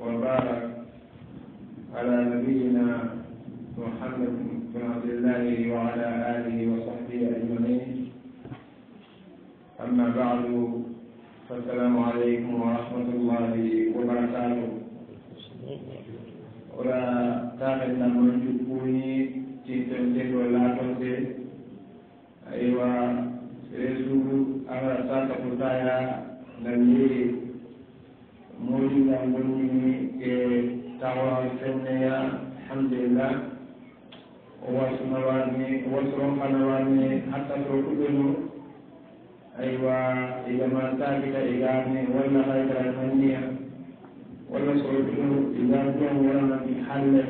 وبارك على نبينا محمد بن عبد الله وعلى آله وصحبه أجمعين أما بعد فالسلام عليكم ورحمة الله وبركاته ولا تاخذنا من جبوني تنتهي ولا تنتهي ايوا رسول أمر ساتة فتايا نبيه mori na ngoni e tawa fenneya alhamdulillah o wasnawani wasron fanawani hattatoro ɗuɓeno aywa igama taakita igami walla haydara nanniya walla soro ɗuno igamiyan waranami halle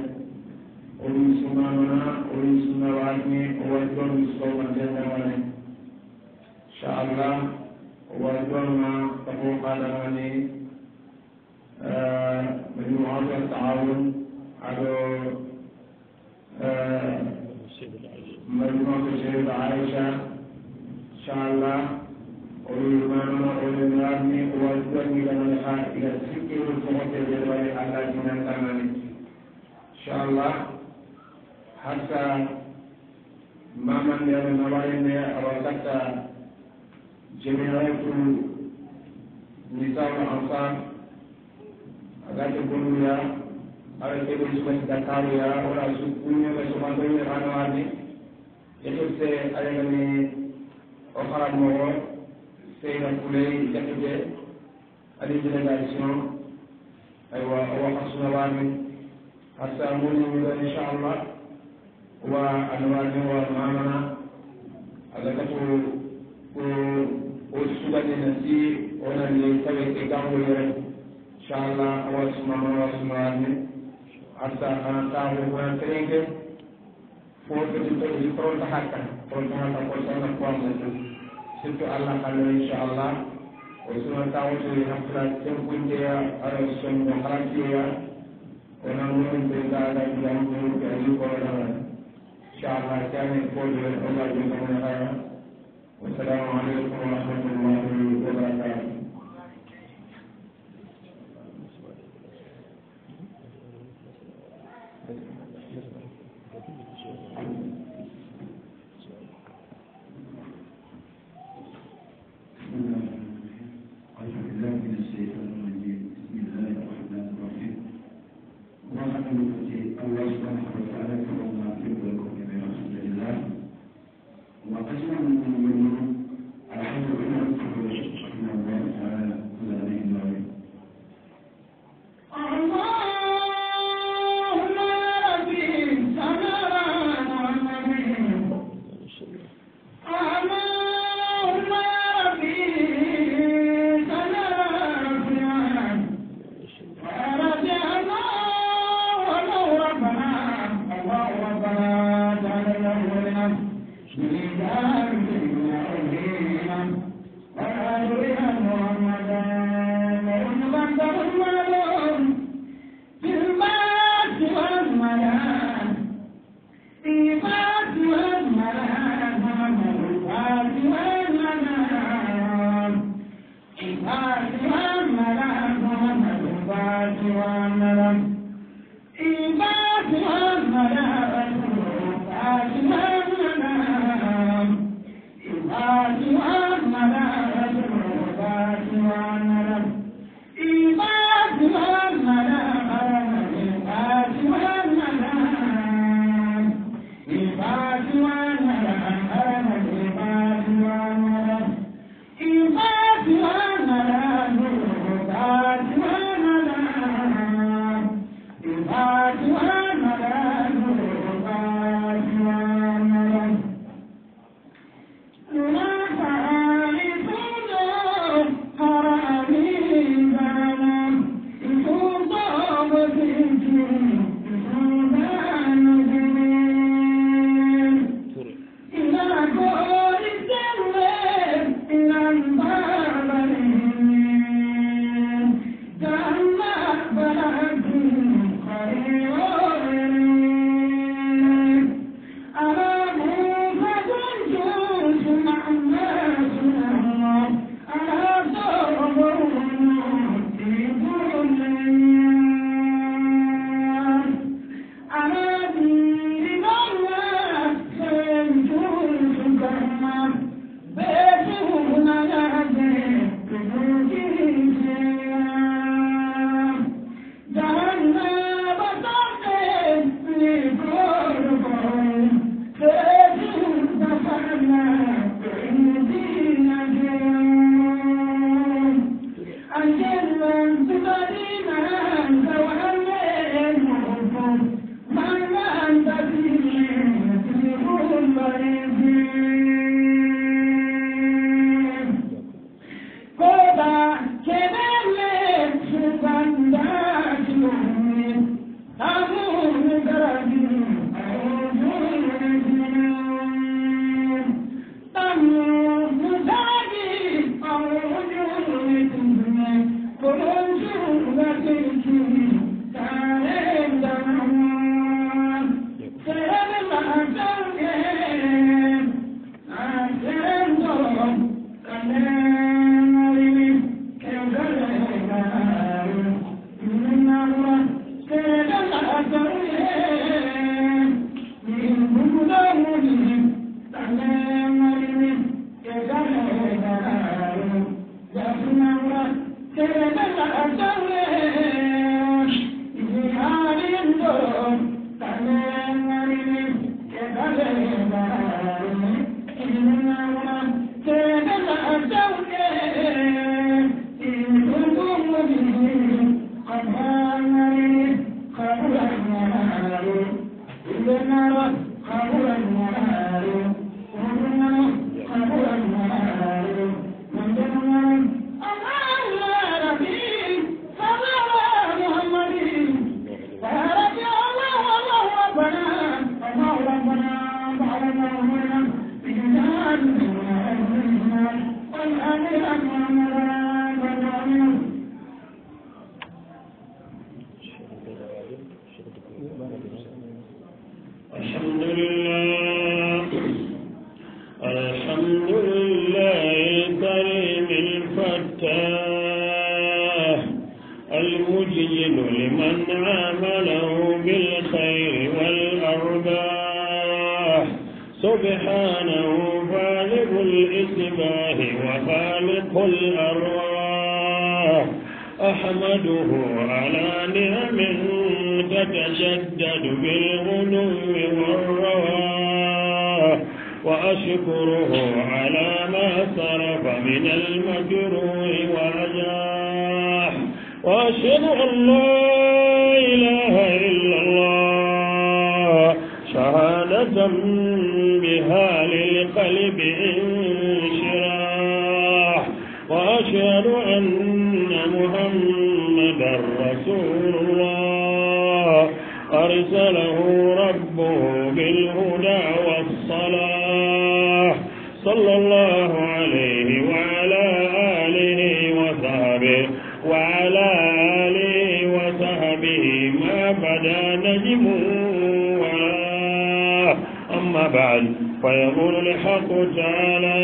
oɗum sunamana oɗum sunnawani o wasdon soma tendawane inchallah o wasdonma kafo kaɗamani مجموعات التعاون على مجموعة الشهيد عائشة إن شاء الله ويماننا ولنرمي ويزدني لنا الحال إلى السكر والصمت الجبال على جنان أمامي إن شاء الله حتى ما من يرمي وقت جميع نساء الأنصار agate goluya awe keɓe sugani dakaruya wona su kuñeme somangoyne hano arde e totte aɗagane o haranmo o seyna kuley jakkete aɗi délégation aywa owa hasunawami hasa monimuɗo inchallah wa anawami wa mamana agatato ko o sugani nasi onani tawe e gangoyeren inshallah wasmanu wasmani asa antamu wantenge foto dito di pronta hakka pronta hakka ko sana ko amdu situ allah kallo inshallah o suna tawo to ni hakka tem kunde ya ara son do harati ya ona mun be da da yan ko ke ali ko da inshallah kane ko do allah ji ko na wa assalamu alaikum wa rahmatullahi wa barakatuh وأشهد أن محمدا رسول الله أرسله ربه بالهدى والصلاح صلى الله عليه وعلى آله وصحبه وعلى آله وصحبه ما بدا نجم ولا أما بعد فيقول الحق تعالى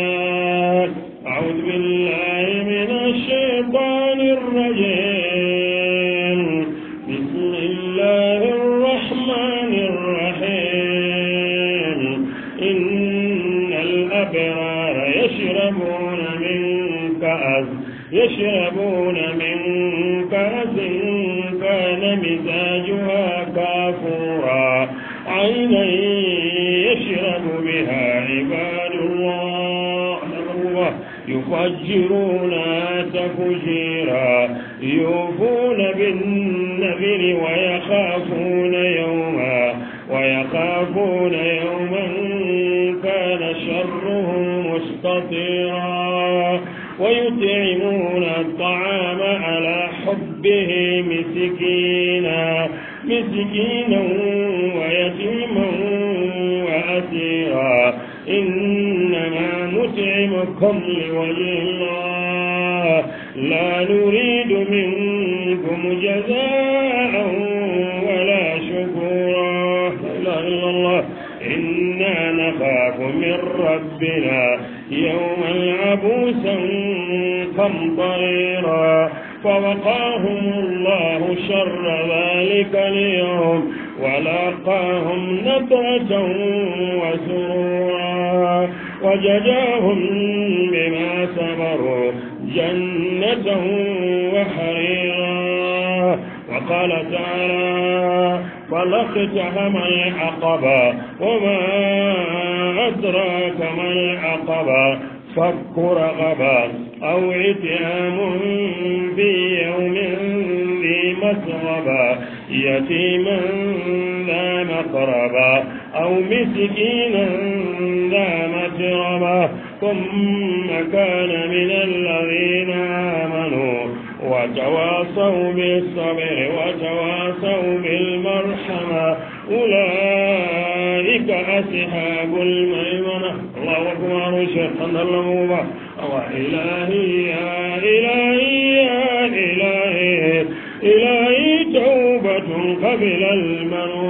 وجه الله لا نريد منكم جزاء ولا شكورا لا إله إلا الله إنا نخاف من ربنا يوما عبوسا قمطريرا فوقاهم الله شر ذلك اليوم ولقاهم نضرة وسرورا وجزاهم نفسه وحريرا وقال تعالى فلقتهم العقبة وما أدراك ما العقبة فك رغبة أو عتام بيوم ذي مسغبة يتيما لا مقربة أو مسكينا لا متربة ثم كان من الذين وتواصوا بالصبر وتواصوا بالمرحمة أولئك أصحاب الميمنة الله أكبر الشيطان اللمومة وإلهي يا إلهي يا إلهي إلهي توبة قبل المنون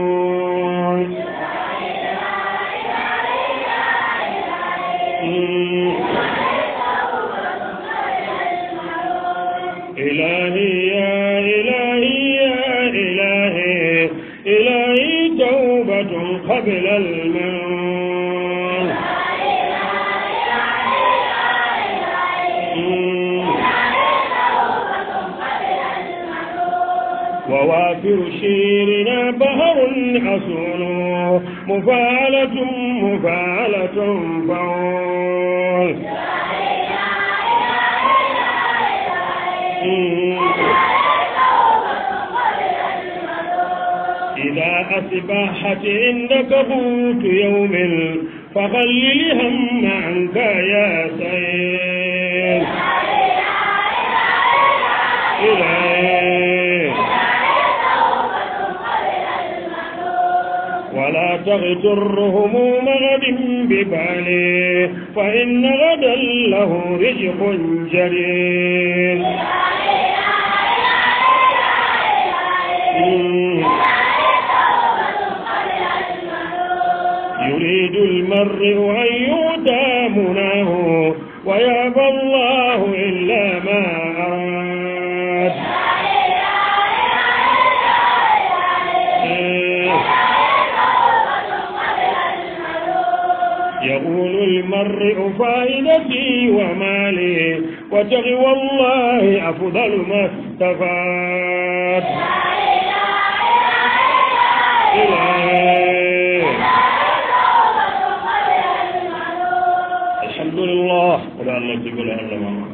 قبل ووافر شيرنا بهر حصون مفالة مفالة فوق أثناء سباحة عند بوت يوم فغلل لهم عنك يا سيد ولا تغتر هموم غد ببالي فإن غدا له رزق جليل يريد المرء أن يؤتى مناه ويأبى الله إلا ما أراد إيه. يقول المرء فائدتي ومالي وتغوى الله أفضل ما استفاد allah jogole allah ma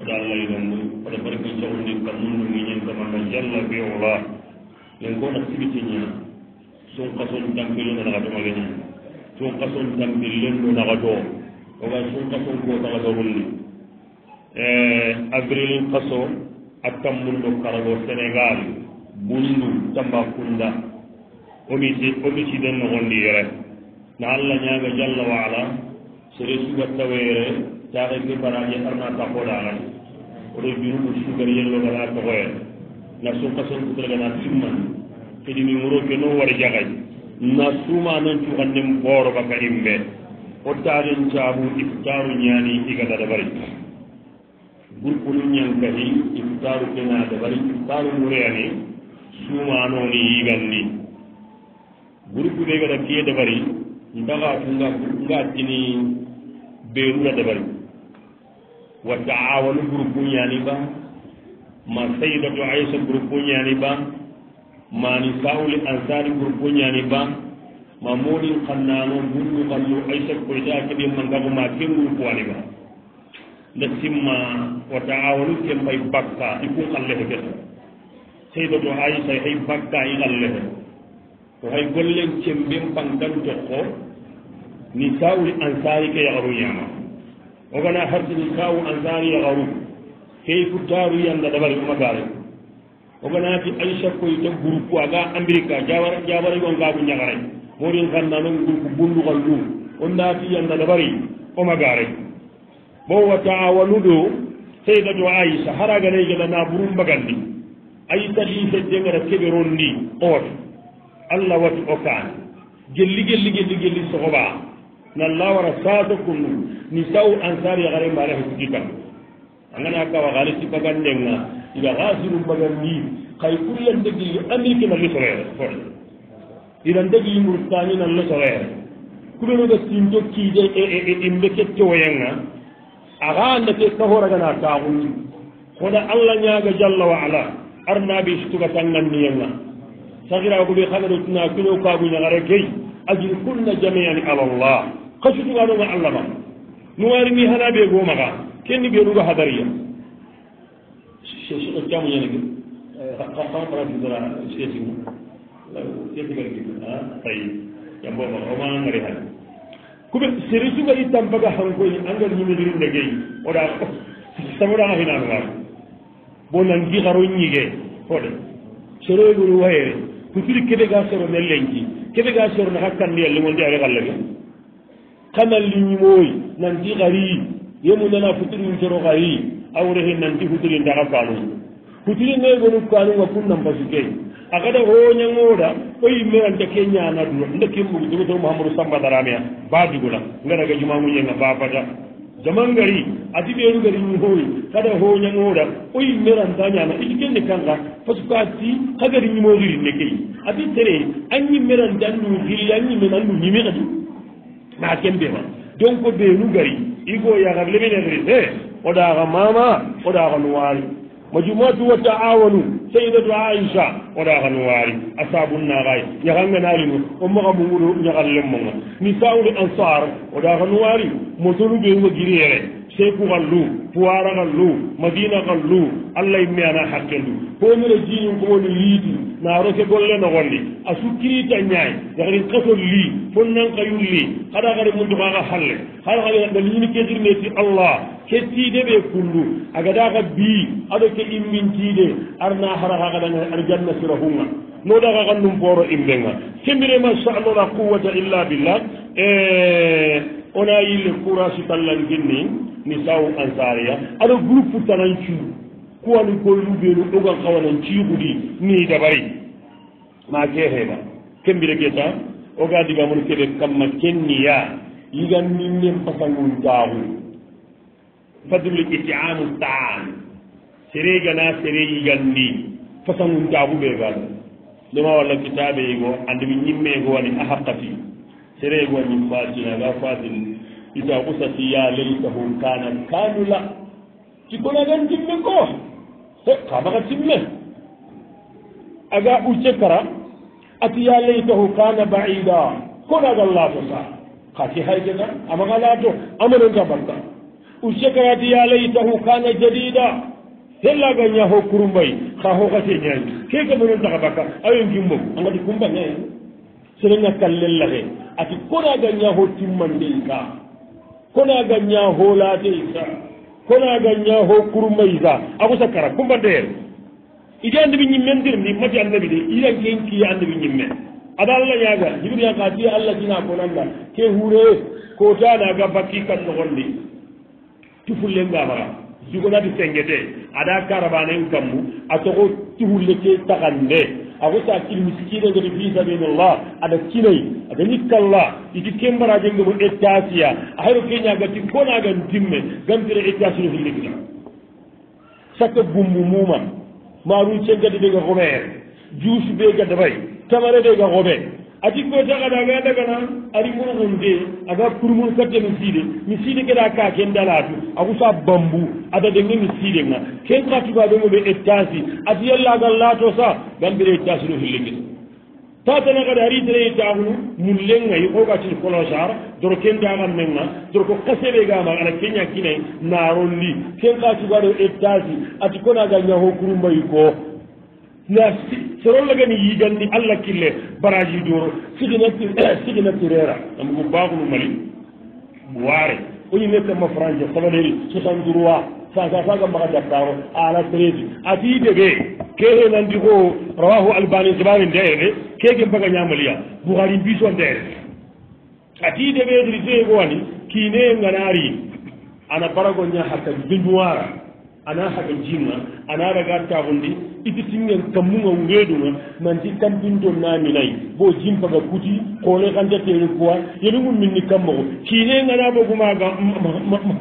oɗa allah yiɗanndu oɗa barki sohlndin kam mumɗum iñen kam anda jalla be ola len ko ona sibitiña son kason tampillendo naxa domageña son kason tampillendo naxa do oga son kason ko taxa dorulli eh, avril kaso a tammundo karago sénégal bundu tamba kunda omisi omisi den noxondi yere na allah ñaaga jalla wala sere suga tawere caaxe ni fara ye arna taqoola ala oɗo juruɗo sugar yelloganaa toxoyen na suqa son kutalagana simman kadi mi muro ke no war jaxay na suuma nan cuxannen booroba ka im ɓe o taaren caabu iftaru ñaani igata dabari groupenu ñankahi iftaru kena dabari iftaru mureyani suumanoni yiganni groupe ɓe gata kiye dabari ndaxa tunga groupe nga tini beeruda dabari wa taawanu groupe bu ñaani ba ma saydatu aysa groupe bu ñaani ba maani sawli ansari groupe bu ñaani ba ma moolin xannaano bunnu xannu aysa koyta keɓe mangaxuma ken groupe wani ba nda simma wa taawanu ke mbay bakka i ku xallexe ke ta saydatu aysa hay bakka i xallexe to hay golleng cemɓen pangdan toqo ni sawli ansari ke yaxaru ñaama ogana hardini kaawu an daariya awru kei fu daaru yanda dabari uma daare oganaati aicha koye to groupe aga amérique a jabara jabara yo ngaagu ñagaray moɗin ganna non groupe bunduka lum on naati yanda dabari oma gaare bon wa taawanu ɗo seydato aicha haraganay geɗa naaburum mbagandi aita ɗi fedde ngaɗa keɓeron ndi oote allah wati okaani gelli gelli gelli gelli sohoɓaa nallawara saso kunnu ni sawu ansari yahare mbaara he sigi kan a ngani a kawa xaale si bagan ndenga ida xasiru mbagan ndiin xay pour yan ndegii amerique na lisoreere fol ida ndegii mouritani na lisoreere kuɓenoga sin jo kiide e, e, e, in mbeke tewoyenga axa andake kahoragana taxun xoda allah ñaaga jalla wa ala arnaɓe sutuga tangan niyenga saxiraguɓe xangaɗo tina kuneo kaguñaxare gey ajir kunna jamiani alallah kasutu waa ɗoga allah ma nu waari mi hana ɓee goo maxa kenni ɓee ɗuga hadariya o caamu ñanege xaaaa seesimu seesigarkitay yamboma omaangari hane kuɓe serisuga i tampaga hankoy angar ñimegiri ndegey oɗa samoɗaga finaan waaru bo nangi xaro ñige oɗe soroyegoru wayere kufiri keɓe ga soro ne lenki keɓe ga soro naxa kandiyallemo ndi are xallage kanal liñimooy nanti xari yemu nana futirin coro xari awrehe nanti futirin daxa faanun futiri ngay gonuf kaanunga pour nampasu ke a xata xooñangooda ɓoyi me anta ke ñaanaduna nde ke mbug dogoto mouhamadou samba daramea baa duguna ngaraga jumamuƴenga baa fata jaman ngari ati ɓeenu gari ñimooy xata xooñangooda ɓoyi meranta ñaana idi kenne kanga parce que a ti xa gari ñimooxirin ne key ati tere a ñimmerante an nu xiri a ñimmen an nu ñimi xadi na ken mbeema donc ɓeenu gari igo yaxar leminexri e o ɗaaxa mama o ɗaaxanu waari majumatu wa taawanu sayidatu aicha o ɗaaxanu waari a sabunnaxaaye yaxangenaalinu o maxa mugudo ñaxar lemmonga ni saulu ansar o ɗaaxanu waari mosonu ɓeenuga giriyere seikouxallu pouwara ngal lu madina ngal lu allah yimmi ana hakke ndu komire jiñum ko woni liidi na roke golle no golli a sukkiri ta ñaay yahadin kasol li fonnan ka yu li haɗa hade muntukaka halle haɗa hade ɗa yini kesirneti allah kettiide ɓe kullu agadaka bi aɗo ke immintiide arna hara ka kadan aɗa janna sira hunga noɗaka kan num poro imɓe nga semire ma salola quwata illa billah e ona yille courage tallanginni ni saw ansar maria aɗa groupe tanan cuu kuwani koylu ɓeenu ɗogan kawanan ciiguɗi ni dabari ma keeheɗa kembira geta o ga digamono keɓe kamma kenniya yigan min nen pasangun daahu fadrul itiamu taam sereegana sere yigan ndi pasangun daahu ɓe gaɗo ɗuma walla kitabe yigo e andemi ñimmeego wani ahakati sereego wañin fatinaga fatin ita usati ya laytahum kana kanula cikonagan timme ko e kamaka timme aga ɓurce kara ati ya laytahu kana baida konagan laato sa kati haydena amaga laato amanontabanta ɓurce kara ati ya laytahu kana jadida hellaga ña ho kurumbay ha hokate ñani keke monontaka bakka awen gimmom angati kumbane serenga kallellahe ati konaga ña ho timmandeyka kona gañaho laate isa kona gañaho kurma isa abusa kara kumbaddeyel idi annabi ñimmendir ndi mati annabi de iɗan ken kiye annabi ñimme aɗa allah ñaga jibril yanka tiye allah sina konanga ke hure kotanaga bakki kan nogondi tufullenga maga jugonati sengete aɗa karabanen kammu a soko tufulle ke taxande ago sa kini miskinegoni fi sabilillah aɗa kinay aɗa nikkallah iti kembarajengomo étatia ahayro keñagati konagan dimme gantire étatino hillegida sakka gumbu muma maru cengadi ɓega homere juusu ɓe gadabay tamare ɓega homere a jikko jagada ga dagana ari mun un de aga kurmun katte mi siide mi siide geɗa ka ken dalatu agusa bambu ada dege mi siide ga ken katuga ɗo moɓe ettasi adi yallagal laato sa gan ɓeɗe ettasi no hillegel ta tana kada ari tere yettahunu mun lengayi koga cil colochar doro ken daman men ga doro ko kaseɓe gama ana keñakinayi naronndi ken katugaɗo ettasi ati konaga ñaho kurumbayi ko naa si soro la gani yiigandi allah kille baraji dooro siginati eh, siginati reera amugu baaxulu mali waare oñi nette ma france sabaneri soixante droit saga saga maxa jartaaro ala treize atii deɓe keene nandi ko rawaahu albani jabani ndeere keeke mbaga ñaamaliya buxari mbiso ndeere atii deɓe drisee ko wani kiine nganaari ana baragoña hakkadi bimuwaara ana haɓa jinma ana ragar tabundi iti tingen kammuga weduma nanti kambindo naminayi bo jimpaga kuti kone kandatere kuwa yeni gum minni kammago kine gana ɓogu maga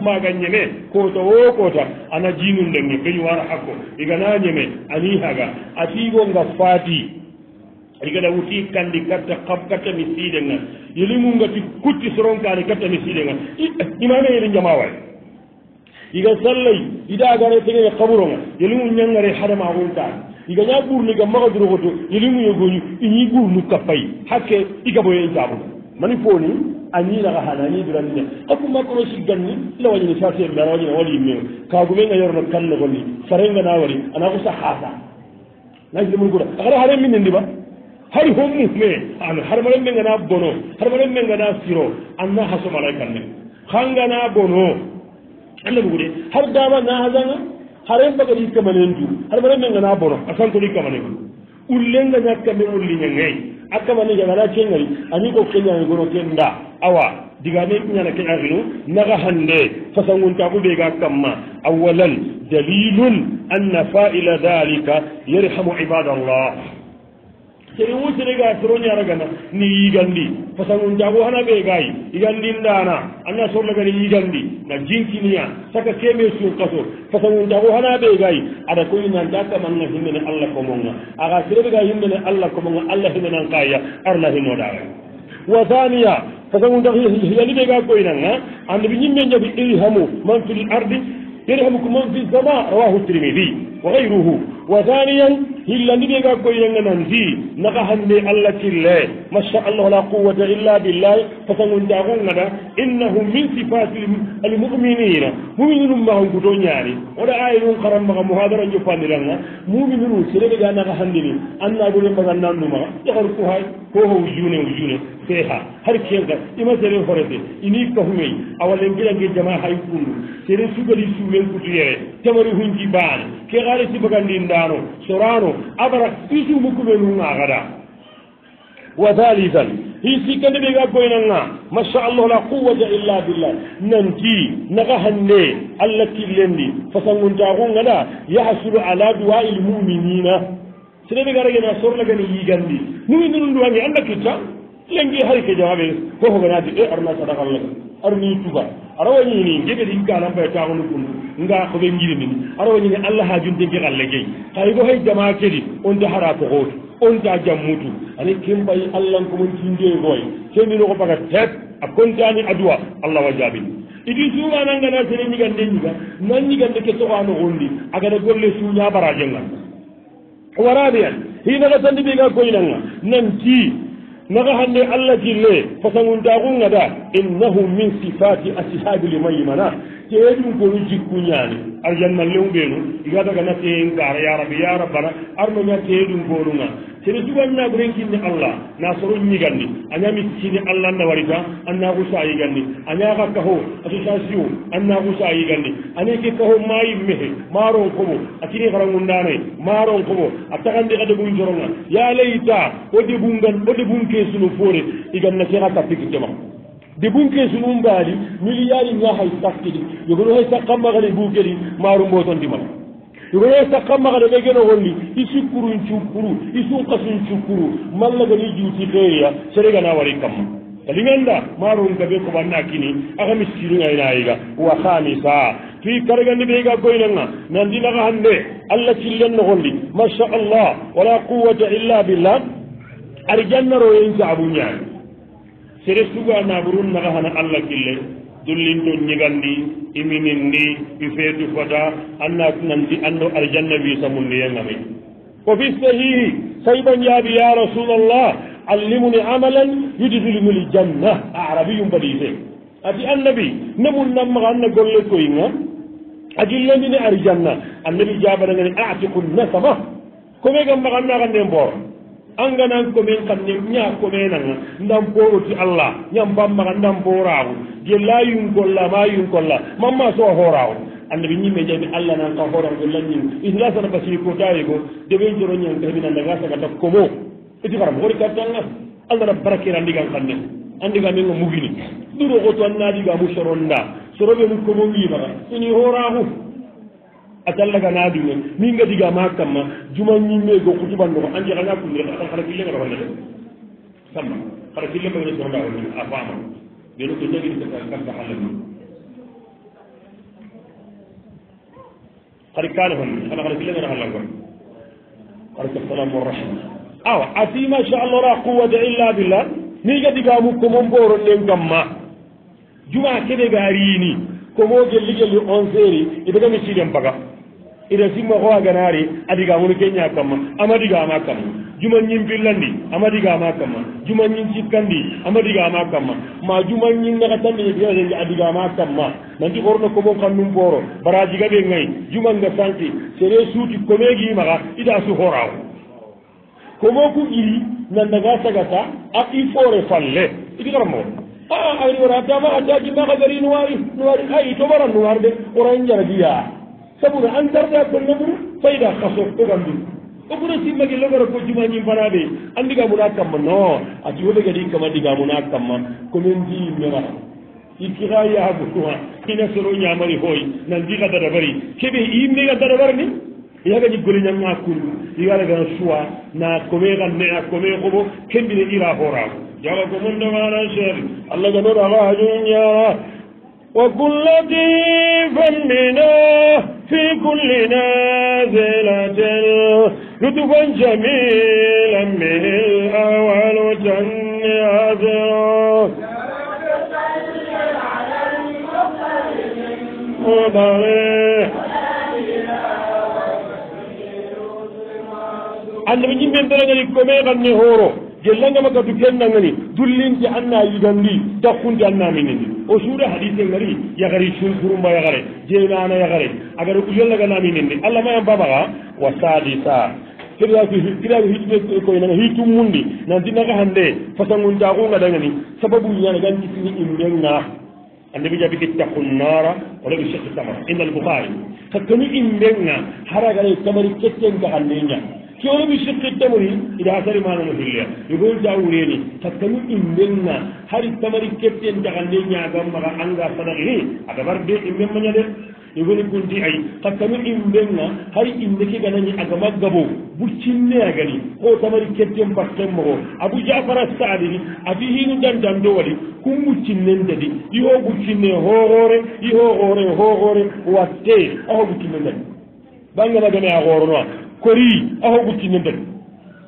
maga ñeme kota wo kota ana jinundenge keyi wara hakko igana ñeme ani haga atigo nga fati igada wuti kandi katta kab kattami sidenga yeni gunga ti kutti soronkani kattami sidenga imame yeni jamawaye iga sallay ida gare tegee kaburonga yelimu ñangare hadama wuntaan iga ña ɓurni ga maga durogoto yelimu yogoñu iñi ɓurnu ka pay hakke igaboye jaɓuga mani foni añiraga hana añi duranine kabu makono sigganni la wañine sasiyemme ana wañine waliimmeo kagumenga yorono kallegondi farenga nawari ana ko sa haasa nasidemunkuda akara hare minne ndiba har homume an harmalen ɓe ngana bono harmalen ɓe ngana siro anna hasomalay kanne hangana bono allah ɗum wuɗe har dama na hasanga haren mbagaɗi kamanen du haɗa mbaɗa men gana bono a sankoɗi kamane ɗu ullenga ñakka men on liña gay a kamane jaga ala cengari ani ko keñani gono ken da awa digane ñana keñarino naga hande fasangunta ko ɓeega kamma awalan dalilun anna fa'ila dalika yarhamu ibadallah seri wusiri ga soroñara gana ni yigandi pasan un jago hana ɓe gayi yigandindana anna sorna gani yigandi na jinkiniya saka seme sun kaso pasan un jago hana ɓe gayi aɗa koyi nanda kamanga himmene allah komonga aga sereɓe ga himmene allah komonga allah himenan kaya arna himoɗaga wa thaniya pasan un jagoyaliɓe ga koynanga andeɓe ñimme jabi irihamu man fil ardi irihamu ko man fi zama rawahu trimidi wa gayruhu wa daniyan hillandiɓega goyenganandi naga hande allah tille machallah la quwata illa billah fasagundagungada innahum min sifat almuminina muminunum mahanguto ñaari oɗa ayinun karammaga mohadara jopandiranga muminunu sereɓega naga handini annagure mbaganannumaga yahar kuhay kohow june o june seha har kenga ima sere horete ini kahumey awalen mbiɗange jama hay kundu sere sugali suwen kutuyere jamari hunji baane gari sibagandindano sorano abara isu mukkuɓe nunga gada wa halitan hi sikkande ɓega goynanga machallah la quwata illa billah nanti naga hande allah killendi fasanguntagun gada yahsulu ala duwail muminina sene ɓe garagena sorlagani yigandi numinnunduwange anda kitta ilen jeyi hay kejo aɓe fofoganaade e eh, aruna sadakal lag arunii tuba ara wañini geɓeɗe yigganan ɓay taxono ɗum nga koɓe jiri min ara wañini allah ha junde jeyalle jeyi hay go hay dama kedi on ta hara ko hoot on ta jammutu ani kem ɓay allahn komon tindegoy semino ko ɓaga tet a contani adowa allah wa jaabin idi suumanangana sene ñigande ñiga nan ñigande ke soxano gondi agada golle suuñabaraje ngan warabe an hinaga sandi ɓega goynanga nan tii نغه اللي الله جل فسمون داغون دا إنه من صفات أصحاب لمن منا teeɗum golu jikkuñaani arjanna lewɓeenu igadaga natte heen gaara ya rabi ya rabbana arnoña teeɗum goolunga sene duganaago renkinni allah naa soro ñiganni a ñami tiini allah anna warita annaa ku saa yiganni a ñaaka kaho association annaa ku saa yiganni aneke kaho maayi mehe maaron kobo a tini harangundaanay maaron kobo a taxandi xa debun soronga yaa layitaa o debungan o debun keesuno foore iganna ke xa kattikitema de bunkeesu mum mbaali milliyaari nga hay sakkiɗi yogono hay sakkammakale buukeɗi maarumbootondimal yogono hay sakkammakale ɓe geno holli i sukkurun cukkuru i sunkasun cukkuru mallagani juuti heeya sereganaa wari kamma kadi ngannda maarunka ɓe ko wanna kini aka miskiru ngaynaayiga wa hamisa tuyi karagandi ɓeyga goynanga nandinaka hannde allah cillen no holli macha allah wala quwata illa billah ari jannaroyen saabu ñaani sere suga naburun naga hana allah kille dullinto ñigandi iminin ni i feetu fota anna nanti anndo aljanna wisamunniyengami ko fi sahihi sayban jaabi ya rasulallah allimuni amalan yudhilmu ljanna arabiyum mbaɗiise ati annabi nemun nammaga anna golle koynga a gillandini aljanna annabi jabanangani atiku nasama ko ɓe gam maga annaga nden mbooro anganan komen kam ne ña komenanga ndan poroti allah ñam bammaga ndan porawu je layum golla mayum golla mamma soa horawu annabi ñimme jami allah nan ka horago lanñin ingasana basi ko tawi ko deɓen coroñan tahminanda gasagata komo eti haram hori kattanga allah na barakira ndigan kamne andigamenga mugini ɗuro ko to annadigamu soronda soroɓe mu komo wimaga ini horahu a callaga naa dine min nga diga maa kamma juma ñimmee go xutubanndoxo an jexanga kunndir xara killenga rofa ndeta samma xara kille mbagene sonda o a faama yeno ko jangi kanta xa lag xari kaane fan xana xara killenga rofa lagwan xarika salamu arrahima aw a fi macaallah la quwata illa billah min nga diga mu komo mbooro nen kamma juma kede ga riini komo gelli gelli onceeri i e daga ngi ciiden baga ida simma xo a ganaari a digamunu keña kamma ama digama kamma jumañin pillandi ama digama kamma jumañin sikkandi ama digama kamma ma jumañin naxatandiñetiaeni a digama kamma nanti xorno komon xannum pooro bara jiga ɓe ngay jumanga sanki sere suuti komegi maxa ida suxoraaw komo ku iri nandanga sagata a i foore falle idi xaram moxo ah, a ani wara tama a jaji maxa gari nuwari nuwari ayi to ɓaran nuwar de oran jaragiya sabu no anndarɗaa ko lobru fayɗaa kaso ogam ndi o ɓura simmaki logora ko jumaji mbaraaɓe anndigamuna kamma non a tiwoɓe kadi kam anndigamuna kamma komin ndi mera ikkiha yaago tuma ina soro ñaamari hooy nanndi ka dadabari keɓe yimɓe ka dadabar ni yagani goleñanga kunu yigala gana suwa na komee kan ne a komee xoɓo kembine ira hooraago jaba ko mun demanan cheikh allah ganoɗo axa hajuñ ñaara وكن لطيفا بنا في كل نازلة لطفا جميلا به الأول تني أزرا annabi yimɓe mbeɗañani ko meeɗanne hooro jellangama kadu kennangani dullinti anna yigandi dakkunde anna minini o suuɗa hadise ngari yagari surumba yagare jeynana yagare agara uyollaganami nende allah mayan babaxa wa sadisa kiraɓe hiɓe koy naga hi tummundi nanti naga hande fasangun jaxunga dangani sababu ñana gan ƴisini immenga andeɓe jaɓi ke takunnara walaɓe cheikh tamar inal bouxari ka kani immenga haragare tamari kettenga hande ña kewɗumi sirki tamori ida asari manano hilleya yogol da wureni takkamin in menga hari tamari kepten jaganɗe ñagammaga anga sadakiri agabar de in memmaña de yogoni kunti ay takkamin in menga hari inneke ganañi agama gabo buccinneyagani ho tamari kepten batten mogo abou jafara sadiri ati hinu dandando wadi kum buccinnen dadi iho buccinne hoore iho hoore hoore watte aho buccinne dadi bangana gane a horonoa korii aho ɓuccinindat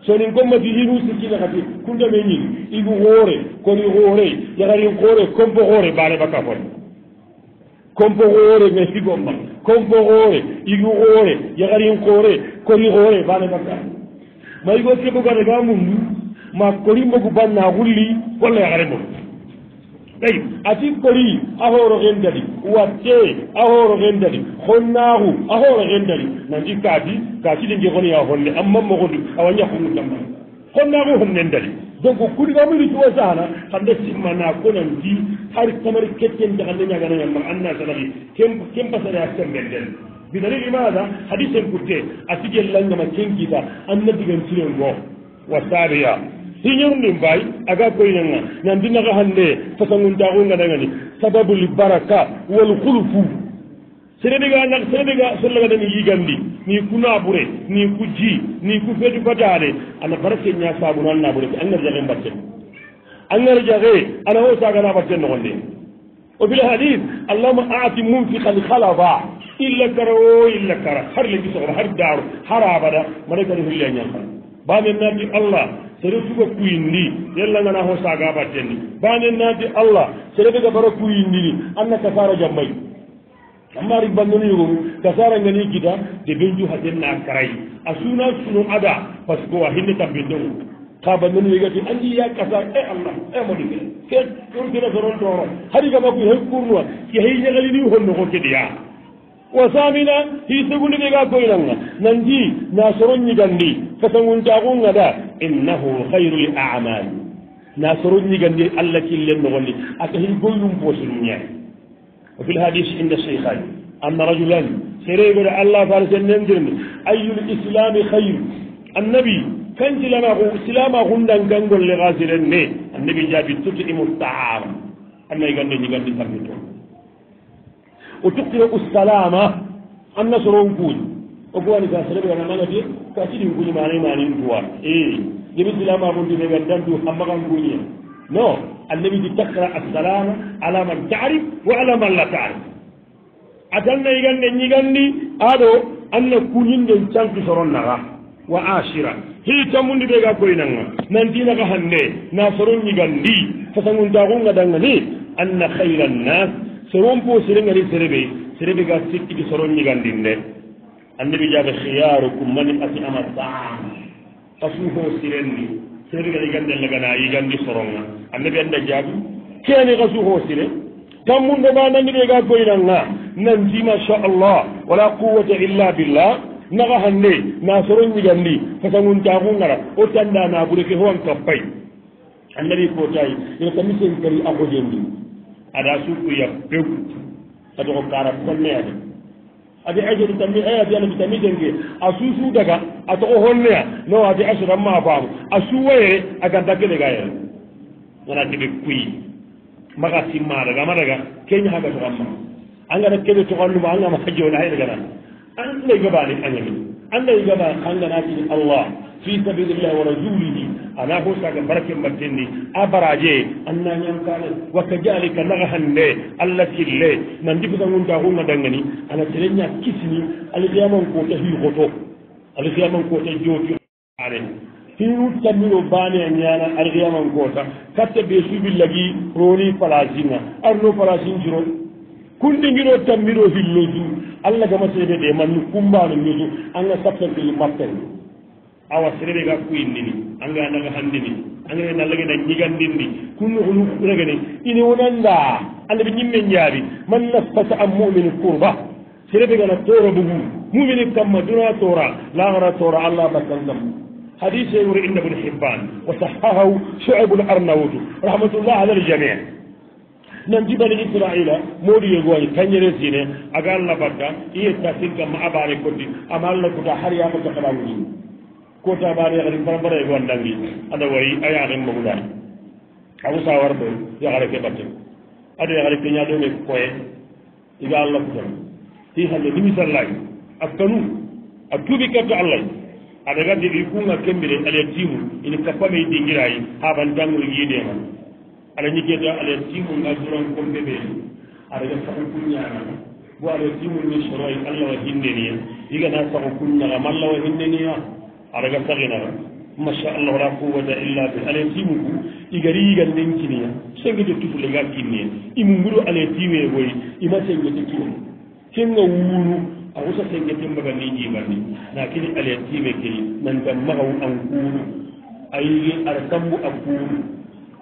sonin gommati hinu sikkina kati kundame ñin igu hoore koni hoore yahari hoore kombo hoore baale bakka fori kombo hoore me si gomma kombo hoore igu hoore yaharin hoore kori hoore baale bakka ma igo sebogata ga mundu ma kori mbogu banna hulli walla yahare mbogu ɓay ati kori a hooro hen dari watte a hooro hen dari honnaahu a hooro hen dari nandi kaadi kaasiɗe jehoniya honne ammamma hondu awa ñakkongu tamma honnaahu honnen dari donc kuɗigamiri tuwa sahana hande simmana konandi har tamari ketten ta hande ñaganañamma anna sanahi ken pasare a semmen den bidalili maaga hadi sen kutte a sigel langama kenkiita annadigan sirengo wa saabiya hiñon ndum mbaay aga koyinanga nandinaxa hande fasanguntaxunganangani sababuli baraka walxulufu serediga nak serediga sollagadani yigandi ni ku naɓure ni ku ji ni ku feetu fataade ana barake ña saabuno an naɓure ke angara jaxe mbatten angara jaxe ana wo saagana mbatten noxon de o fil hadis allahuma aati munfiqan halaba illa kara o illa kara har legi soxoba har daaru har abada maɗa kadi hulle a ñanxa ba men naati allah sere fuga kuyindi yella ngana ho sagabatteni banen nadi allah sere ɓega bara kuyindini anna kasara jammay ammari bannoniyogomu kasara ngani kita de benju hajenna karayi a suna suno ada par ce que wa hinne tambindongu ka bannoni yegati andi ya kasar e allah e moɗike ke ɗon kira soron toro haɗi gamakuy hay kurnuwa ke hay ñagalini honnogo keɗiya وثامنا هي سبل بيغا كوينا ننجي ناصرون نجندي فسمون جاغون غدا إنه خير الأعمال ناصرون نجندي الله كل نغلي أكهل قلن بوسن يعني وفي الحديث عند الشيخان أن رجلا سريب الله فارس النندرم أي الإسلام خير النبي كان سلاما سلاما غندن غنغل لغازلني النبي جابي تطعم الطعام أما يغني نجندي ترمي o tuktiroku salama annasoron guuñi o guwani ga sere ɓeana manati ka siɗin guuñi manay manin duwa e gemi silama mundine gan dandu hammakan guuñia non annabi di takra assalama alaman taarif wo alaman la taarif atalna yiganɗe ñigandi aɗo anna kuñinden canki soron naxa wa asira hii tammundi ɓe ga koynanga nantinaka hannde na soron ñigandi fasangun taxunga danga ni anna hayra nnas soron po sirengari sereɓe sereɓe ga sikkiki soron ñigandin de annabi jaɓe khiyarukum mani ati ama saam kasuho sirenni sereɓe gada yigande llagana yigandi soronga annabi anda jaɓi keni kasuho sire tammundo ɓa nanndiɓe ga goyran ga nanti macha allah wala quwata illa billah naga hande na soron ñigandi fasangun cagun gara o tanda naɓureke howan kappay annabi kotayi ina tamisen kari a koƴendi aɗa suukuya ɓeggu sabi ko kara konneyade adi asru tammi e eh, adi anabi tammi jangge a suusuudaga a toko honneya no adi asru amma faamu a suuwaye a ganda kele ga yere wona deɓe kuyi maga simmaɗaga amaɗaga keña haga toko amma angana keɓe tokoanduma angama hajjoni hayde gana anlay gabani angamin anlay gaba angana kini allah fi sabilillahi wa rasulihi ana hosaga barake mbattenndi abaraje anna ñankaale wakka jaalika naga hannde allah sille nan ndifuga ngunta hunna dangani ana tereña kisni alisiyaman kota hiihoto alisiyaman kota jootiaane hinu tammino baane a ñaana alisiyaman kota katta ɓe suubillagi roni palacinga arno palacin jiro kundingino tammino hillo su allah gama seede ɗe manni kumbaano mi su anga sapsanteli mattanni awa serene ga kuyinnini angaa ndaga hanndini angaga nallagena ñigandinni kunno hulu ragani ini wonannda allah ɓe ñimmen ñaari man nafasa an mumine courba serebe gana toora bugu mumine kamma duna toora laara toora allah basallam hadise wuro inna bune hibban wa sahahahu shoibul arnawutu rahmatullah alal jamia nanti bani israila moodi yegooñi kañere sine aga allah batta iyetta sin kamma abaane koddi ama allah kota har yaama tokalawuñini ko taɓaaɗo yaxari farabara e goon ɗangi aɗa wayi a yaaxin mogudaan abu sawar ɓe yaxare ke ɓatten aɗa yaxare keñaaɗoone koye iga allah futan hi hande limisallaay a kanu a tuubi kerto allahy aɗa gandi ɗi kunga kembire aliya timu ina kappamey dingiraayi haaban jangol yiideeman aɗa ñiggeeto aliya timu nga duran kompeɓeeni aɗa ga saxo kunñaana bo aliya timu ni soroy allah wa hinneniya higana saxo kunñaga ma allah wa hinneniya araga taginara masha allah wala quwata illa bil ala timugu igari yigal nenkiniya sengede tufule ga kinniya imunguru ala tiwe boy ima sengede kiwon kenga wuru awusa sengete mbaga ni jibarni lakini ala tiwe kei nanta magaw an kuru ayigi ara sambu a kuru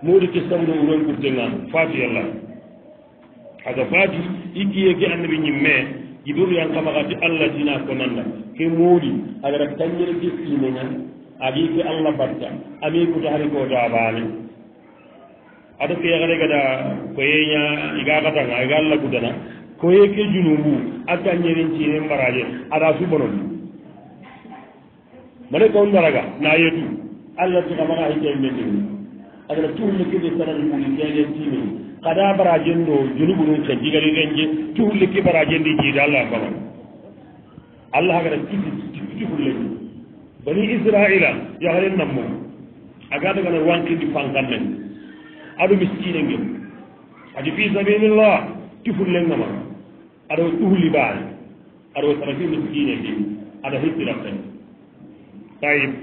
modi ke sambuno uron gurtenga fati allah haga fati ikiyeke annabi ñimme jiburu yankamagati allah tina ko nanda ke muuri agara tañjere jettiimeña agi ke allah batta ami kuta hari koto abaane ada feexare gada koyeña igaxatanga iga allah kutana koye ke junumbu a tañjerin ciine mbaraje ada subanon mane kon daraga nayetu allah tuxa maxa hikemmetini agara tuurle keɓe sanani muuri keegentiimen kada barajen do junubunu ke jigari renje tuurle ke barajen di jiida allah bamana allah hagara tiɗi tiɗiɗiɓurle ɗum bani israila yahren nammo agadagana wankindi fankan men aɗo miskine ngel adi fi sabilillah tifurlengama aɗa ɗuhli baare aɗa wasarafi miskine ngel aɗa hettiraftan tayib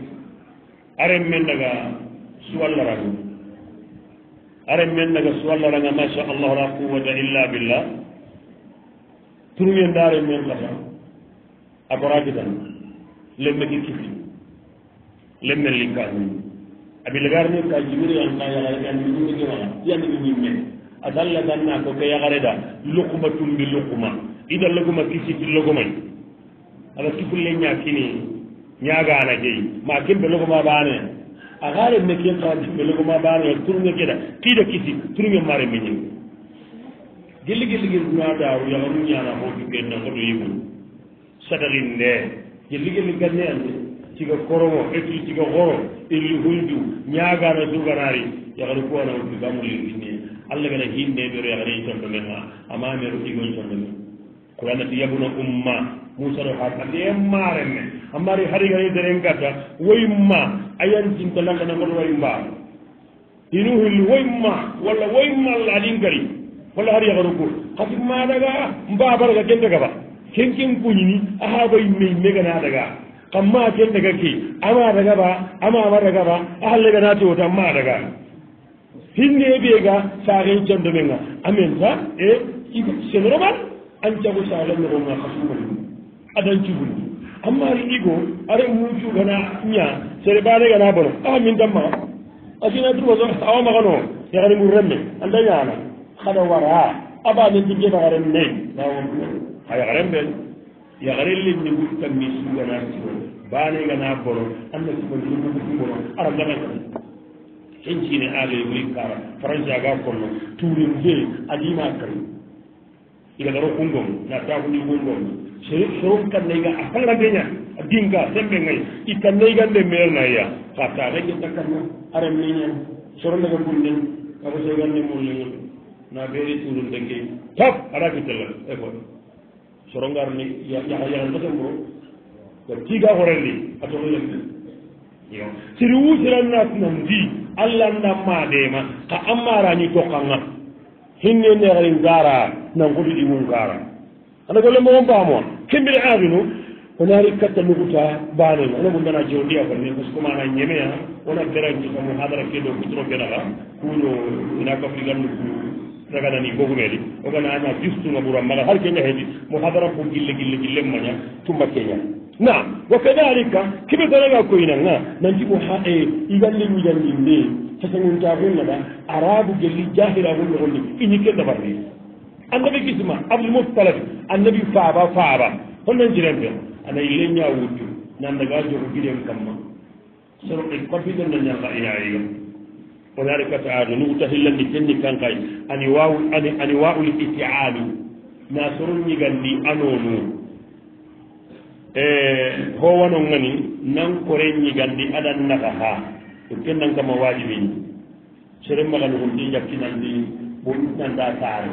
aren men daga suwallaraɗum aren men daga suwallaraga macha allahu la quwata illa billah turmien daren men kata aboradidan lemmeki kisi lemmel linkani abi legarni ka jibirianna yagare ani ñimmegewaa yani i ñimme a dallaganna ko ke yagareda lukuma tumbi lukuma ida loguma kisiti logumay aga kifulle ña kini ñagana jeyi ma kimɓe loguma baane axaren me ke ka kimɓe loguma baanoya turuge keda kiida kisi turuge maren me ñim gilli gilligi nadaru yagaru ñana hoju kenna hoto yimu sagalin ndee je liggéey li ganne ande ciga koromo eti ciga xoro eli hundu ñaagaana duganaari yaxani kuwanaoi gamulirinne allah gana hinneɓero yaxane conto men xa amameru ɗigon conto men koyanati yaguna umma musano ha kandee maarenne ammari harigane deren gadda woyma ayantinta langanangolway mbaa inu hilli woyma walla woyma laɗin gari walla har yaxano ku xati maadaga mbaa barga kente gaba ken ken koñini ahabay mey megana daga kam ma ken daga ke ama daga ba amama daga ba aha leganatewo tan ma daga hinne ɓeega saxey jando menga amen ta e senoromal an cago salanogonga kasugol adan cugul ammari igo aren mu cugana ña sere baregana bono aha min tan ma asina drubaso awa maxano yaxari mbur renme anda ñana xada wara aba nentinke maxaren ne nawo a yagren ɓen yagren lin ni gutitan mi sugganati baneganaa boro anna sibaiuti boro ara ngamete hencine aley e wuri kara france aga konno tourin ve adima kari igadaro kungom natakundi kungom sorom kanna yga a fangra deña a dinka semɓe ngay i kanna yganɗe merenaya ka taxe getta kanna arem neñan soronaga gunden kafo seganne mulleo na beri tourun dengue top ara kitella ekoe soro ngar ni yaxayaxen ba sengo kam tiga horen ni atono yen siri wusiranat nan di allahnda madema xa a marañi tokkanga hinne nexarin gara nangoti ɗimum gara anda golle mogon baamoa kembiri aginu onaari katta nuguta banen ona gundana jeondiya fanne parce que mana ñemea ona berancikamo hadara ke ɗo kutoro benaxa kuno inakafligan nugu ragalani gogumeeli ogana aña jistuna ɓuran maga har keña heedi mo hadaran fo gille gille gille maña tumba keña naam wa kadalika keɓe daraga koyinanga nanti mo ha e igalle mijanginde sasagunta gunnaɗa arabu gelli jahira hun nogonni iñikke dabarni annabi gisma abdoulmoustalabi annabi faaba faaba hon nan jirenten ana ille ñawuddu nandaga jogo giren kamma soro e kabbiɗen na ñaga iyayiga onarika taaado nugu tahillandi kenni kanka ani waawu ani ani waawuli itiaali na soron ñigandi anoonu e howano ngani nan kore ñigandi adan naka ha ɗum ken nan kama waajibini seren magani hunti jakkinandi ɓoɗutanda taare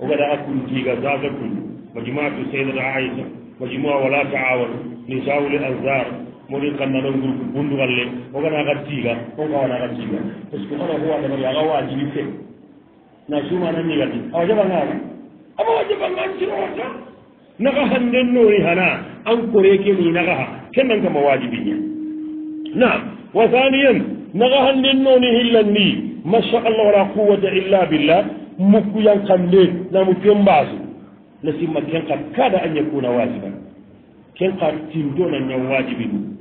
o gada a kuntiiga zaga tun majumatu seydata aisa majumat wala taawan ni sawule ansar moɗen kamna ɗon groupe bundugal le oganaka tiiga onko awanaka tiiga par ce que hono ko waɗanoɗe aga wajibi fe na sumananigati awa jaɓangaaga awa wa jaɓangaan sirowata naka ha nden nori hana encoreekeni naka ha kennan kama wajibiña naam wa haniyan naka ha nden noni hillan ni masha allah wala quwata illa billah mukkuyan kam nde namu ken mbaasu lasimma kenka kada a ñakuna wajiban kenka tindona ñaw wajibi ɗum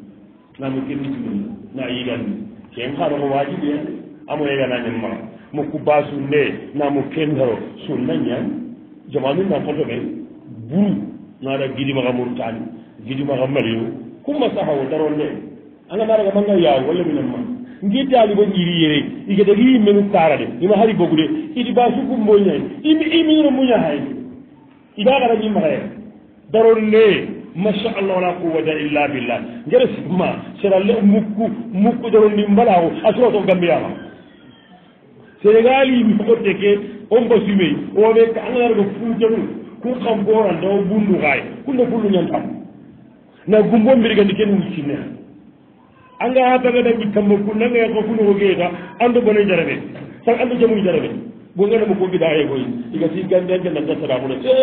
nami kenndiɗum na yiganni ken haro mo waajiɗi hen amo yeganañen ma mo kubbasu nde namo kentaro sunnañan jomamin nan poto ɓen buru naɗa guidimaka mourtani guidimaka malio kumma saha o daron nde anamaraga mangal yaw walla minen ma guiddaliɓo ƴiri yere igadagi yimmen sara de ima haari bogude iɗi basu kumboñayi imi imino muña hayde iɗa gara ñimmahaye daron nde masallah wala quwata illa billah ngere sima saralle mukku mukku ɗeronni mbalawo asuroto gambiyama sénégali mogote ke ongo sumey owe ka angalarga fuujanu ku xam goorandawo bundu xaay kunde fullu ñantam na gumbo mbirgandi ken wuccinne anga bagadangi kamba ku nangaye xa funoxo geeta andu bone jarabe sag andu jamuy jarabe bo ngena mo gombiɗa e koy iga si gandi an jenda gasata kono e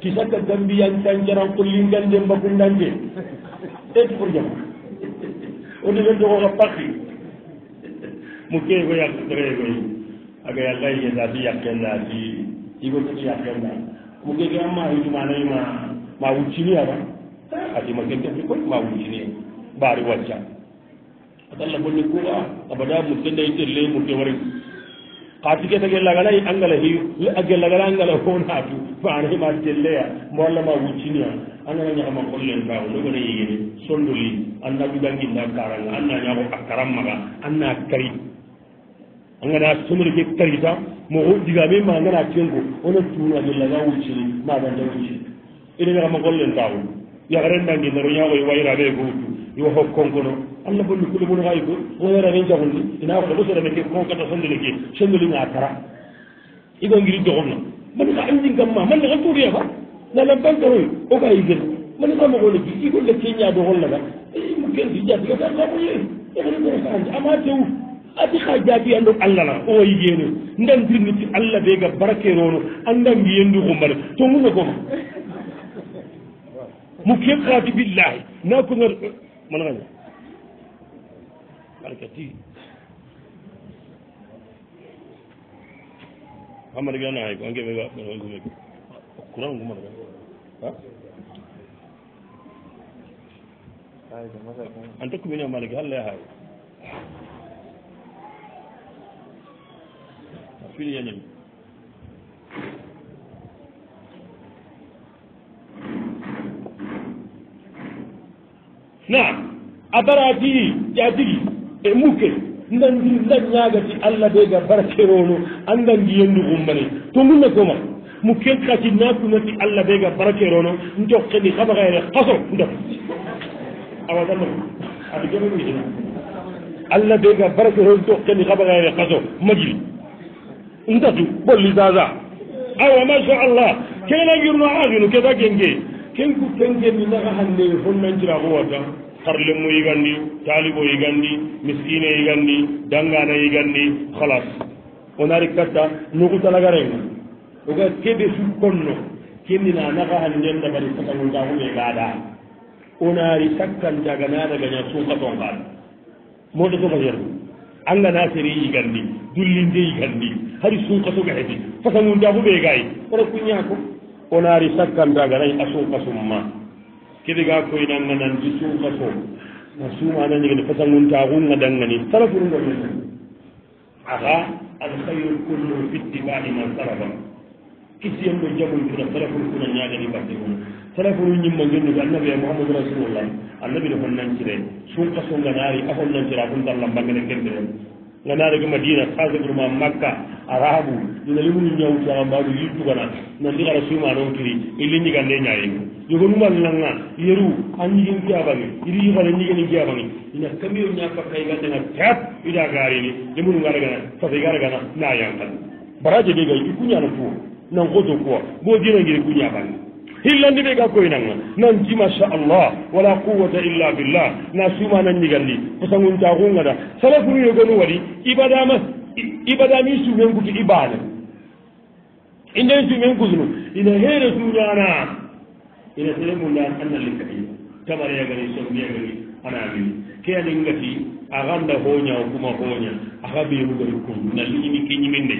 ti sakka gambiyan tanjaran kolli gande mbagu dande eti pour jam o ndi wen jogoka pakki mo kee ko yak tre koy aga yallah yeda si yakkenda si igo ti yakkenda mo keeke amma hitumanayi ma ma wuccini ata ati ma kentefi koy ma wuccini ɓaari wacca a talla bonni kuuɓa abada mo kenda i telle mo kewari qatike ta gellagalay angala hi a gellagala angala honatu faana hima telleya mbo allama wuccinia angana ñaama qollen faawo no gona yegene sondoli anna duganginna karanga anna ñaako a karammaga anna kari angana somori ke karita moxu digame ma ngana tenko ona tuna a gellaga wuccini madanta wucci ina ñaama qollen taawo yaxaren nangi naro ñaakoy e wayraɓe gotu yo hok konkono allah bolli kule mono hay ko oerani jagondi ina ko ɓosoɗaneke konkata sondene ke sondelinga kara igongiri dogonna mani ka andin kamma manni ka tuuriya fa nalan bankaroy o ka yigel mani ka mogole ki igolle keña dogollaga e, mukenti jatigatakaoye ogoni korokaanje e, ama tewu adi xa jaabi andok allah la owa yigeene ndantirniti allah ɓega barakeroono andangiyendi xumbane to muna koma mukke xaatu billahi na kongar manaxaña barka ti hamad gana hay ko on geɓe gaɓɓeɗoguma courant gumaɗ an tokkumini o malgue halla hay a fini yanami na a bara tii ƴa tigui e mukke nanndi ndañaagati allah deega barakerolo anndan ndiyenndu gummane to ngunne koma mu kenkati naatunati allah deega barakerono njokke ndi xabaxayre xaso ndat awadanna ad jamanuie allah deega barakerono njokke ndi xabaxayre xaso majil ndatu bolli zaza awa masa allah kena ngirno axinu keta kenge kenku kenge mi naxa hannde honnancira xuwata harlemmo yigandi taalibo yigandi miskine yigandi dangana yigandi halas onari katta nugutanagarenga oga keɓe sukkonno kennina naga hannden dagari sakagoltaxume gaada onari sakkantaga nadagaña sukatongal moɗo soga sergu anga na seri yigandi dullinde yigandi hari sunkasogaheti fasagunta fuɓe gayi ora kuñako onari sakkantaganayi a sunkasumma kediga koye nanganandi suuka ko a suumananigene fasangunta xunga dangani sarafurunga ɗum axa alxayru kullu fittibai man sarafa kisiyemɓe jagumtuna sarafur kuna ñagani batte kuna sarafuru ñimmangennuga annabi mouhamadou rasulullah annabi ne honnancire suunka songanaari a honnancira funtallam bangene kemberen nga na ga madina kaase ɓurma makka arabu ina limugu ñawutaa yi tugana nandi ara suuma noon kiri illi ñigande ñayingu yogonumal langa yeru an ñigin kiyabange iri yifane ñigeni kiyabange ina kamiro ñafakkay gandega tat ida garini limunu garagana safe na nayankan baraje ɓe gay i kuñana tuwo nan koto kuwa bo dinangiri kuñabange hillanndi ɓe ga koynanga nan ji machallah wala quwata illa billah na suma nan ñiganndi posagunta xungada salafunu yogonu waɗi ibadama ibadami sumen kuti ibada inden sumen kusnu ina heere suñana ina tere munda annalikati tamareyagani somniyagani anagini ke aningati aganda hoña kuma hoña aga ɓeemugari kun nalliñimi ke ñimin de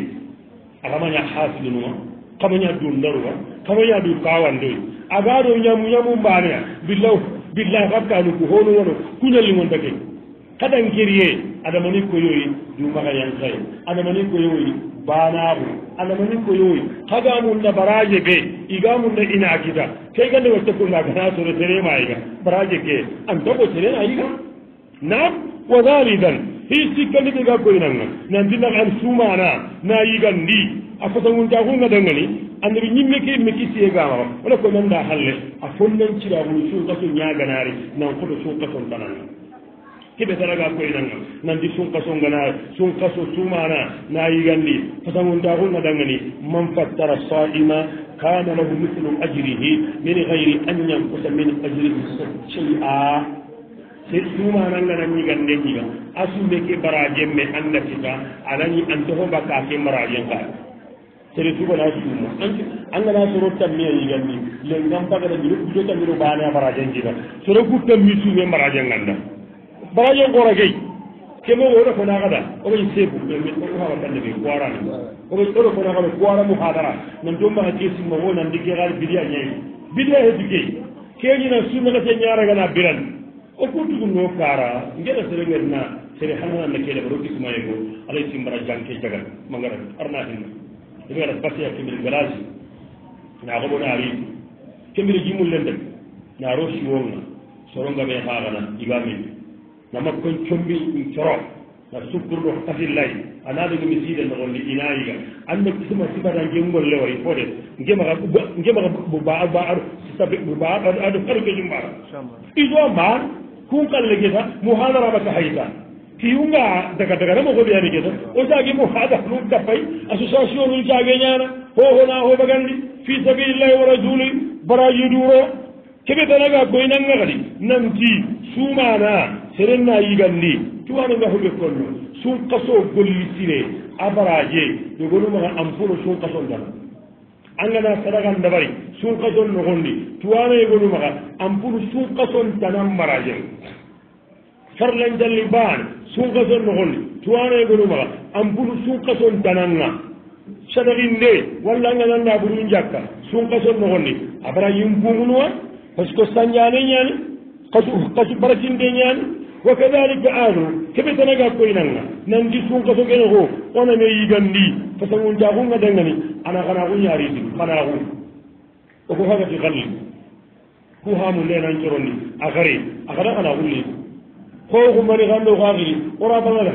agamaña hasilunuma kamaña duum ndaruga kamaña du kawandoy agaɗo ñamu ñamu mbaneya billaw billahi rabkanu ko honu wono kuñalli gon dake haɗankirye adamani ko yoyi dumaha yankaye adamani ko yoyi banaru adamani ko yoyi hagamunna baraje be igamunna ina kita kay gande wa tokkunga gana sore terema yiga baraje ke an togo terena yiga nam wa dhalidan hii sikkandi ɗe gakkoyinanga na ndinak an suumana na yigan ndi a fotangun jaxunga dangani andiri ñimmeke imme kisiye gama wala ko nanda halle a fonnan ciraxunu sunka so ñaganaari nan koto sunka son tananga keɓe tara gakkoyinanga nandi sunka so ngana sunka so suumana na yigan ndi fotangun jaxunga dangani man fattara saima kana lahu mitlu ajrihi min gayri an ñankosa min ajrihi sa cey a se sumananngana ñigande ñiga a suumeke baradien me annda cita anani an toho mbakake baradien kaa sere sugona suuma angana soro tammia yigandi lengam pagata mbiro ɓuto tamiro ɓaane a baradien cita soro gu tammi suume baradien ngannda baradien gora gay keme oɗo konaxada o ɓay seebu oxawatanne ɓe koarani o ɓay oɗo konaxaɓe koaramu xadara nan to mbaxa ke summa wo nandi ke xaali bidi a ñayi bidi a éduqué keñina suumaxete ñaregana biran o fotugu no kaara ngeɗa sere ngari na sere hananana keele ɓa rokkisimaye goo alay simbara jangke jagal ma ngara arna hinna ɗum ngara basi a kembiri galage na xoɓo na riidi kembiri jimul len rek na roosi wonga sorongaɓe xaxana ibamin na makkon combi coro na sukkurɗo tasillay a naɗogimi siide noxolli inayiga anna kisma sibata ngemgol lewayi fo de ngemaxa ngemaxa ba ba aɗo aɗo aɗo kejum ɓaara ido mbaar kunkalle geta mo haalorama ka hayta ki yunga daga daga remo ko ɓiyani geta o caagi mo haada ɗum dappay association ɗum caage ñana hohona hooɓa gandi fi sabilillahi wara juuli baraji duro keɓe tanaga koye nangakadi nanti suumana serenna yigandi tuwano nga hoɓe konno sunkaso gollitire a baraje yogonumaga ampolo sunkaso ndana angana sadaga ndabari sunkason nogondi tuwanaye gonu maga anpunu sunkason tanan barajen farlanjalli baan sunkason nogondi tuwanaye gonu maga anpunu sunkason tananga sadaginde walla angananda burun jakka sunkason nogondi abarajin pungunuwa parce que sanjane ñani kasu barakinde ñani wa kadalik ba aadu keɓe tenaga koynanga nandi sunkasokene ko onane yigandi pasagun jaakunga dangani ana xana xu ñaaridin xanaaxu oko xagati xalli ku xamu lenan coronni a xari a xada xana xulli xooxu mani xando xaaxiri o rabangada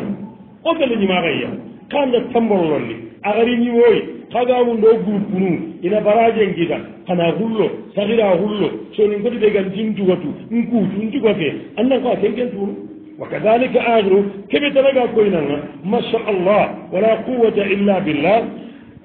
o gele ñimaxayya kanda tambololondi a xari ñimooy kagamu ndo groupe mum ina baraje ngida kana hullo sahira hullo sonin godi ɓe gal jimtugatu nkuutu ntigofe annan ko a kenken tunu wa kadalika agro keɓe tanaga koynanga masha allah wala quwata illa billah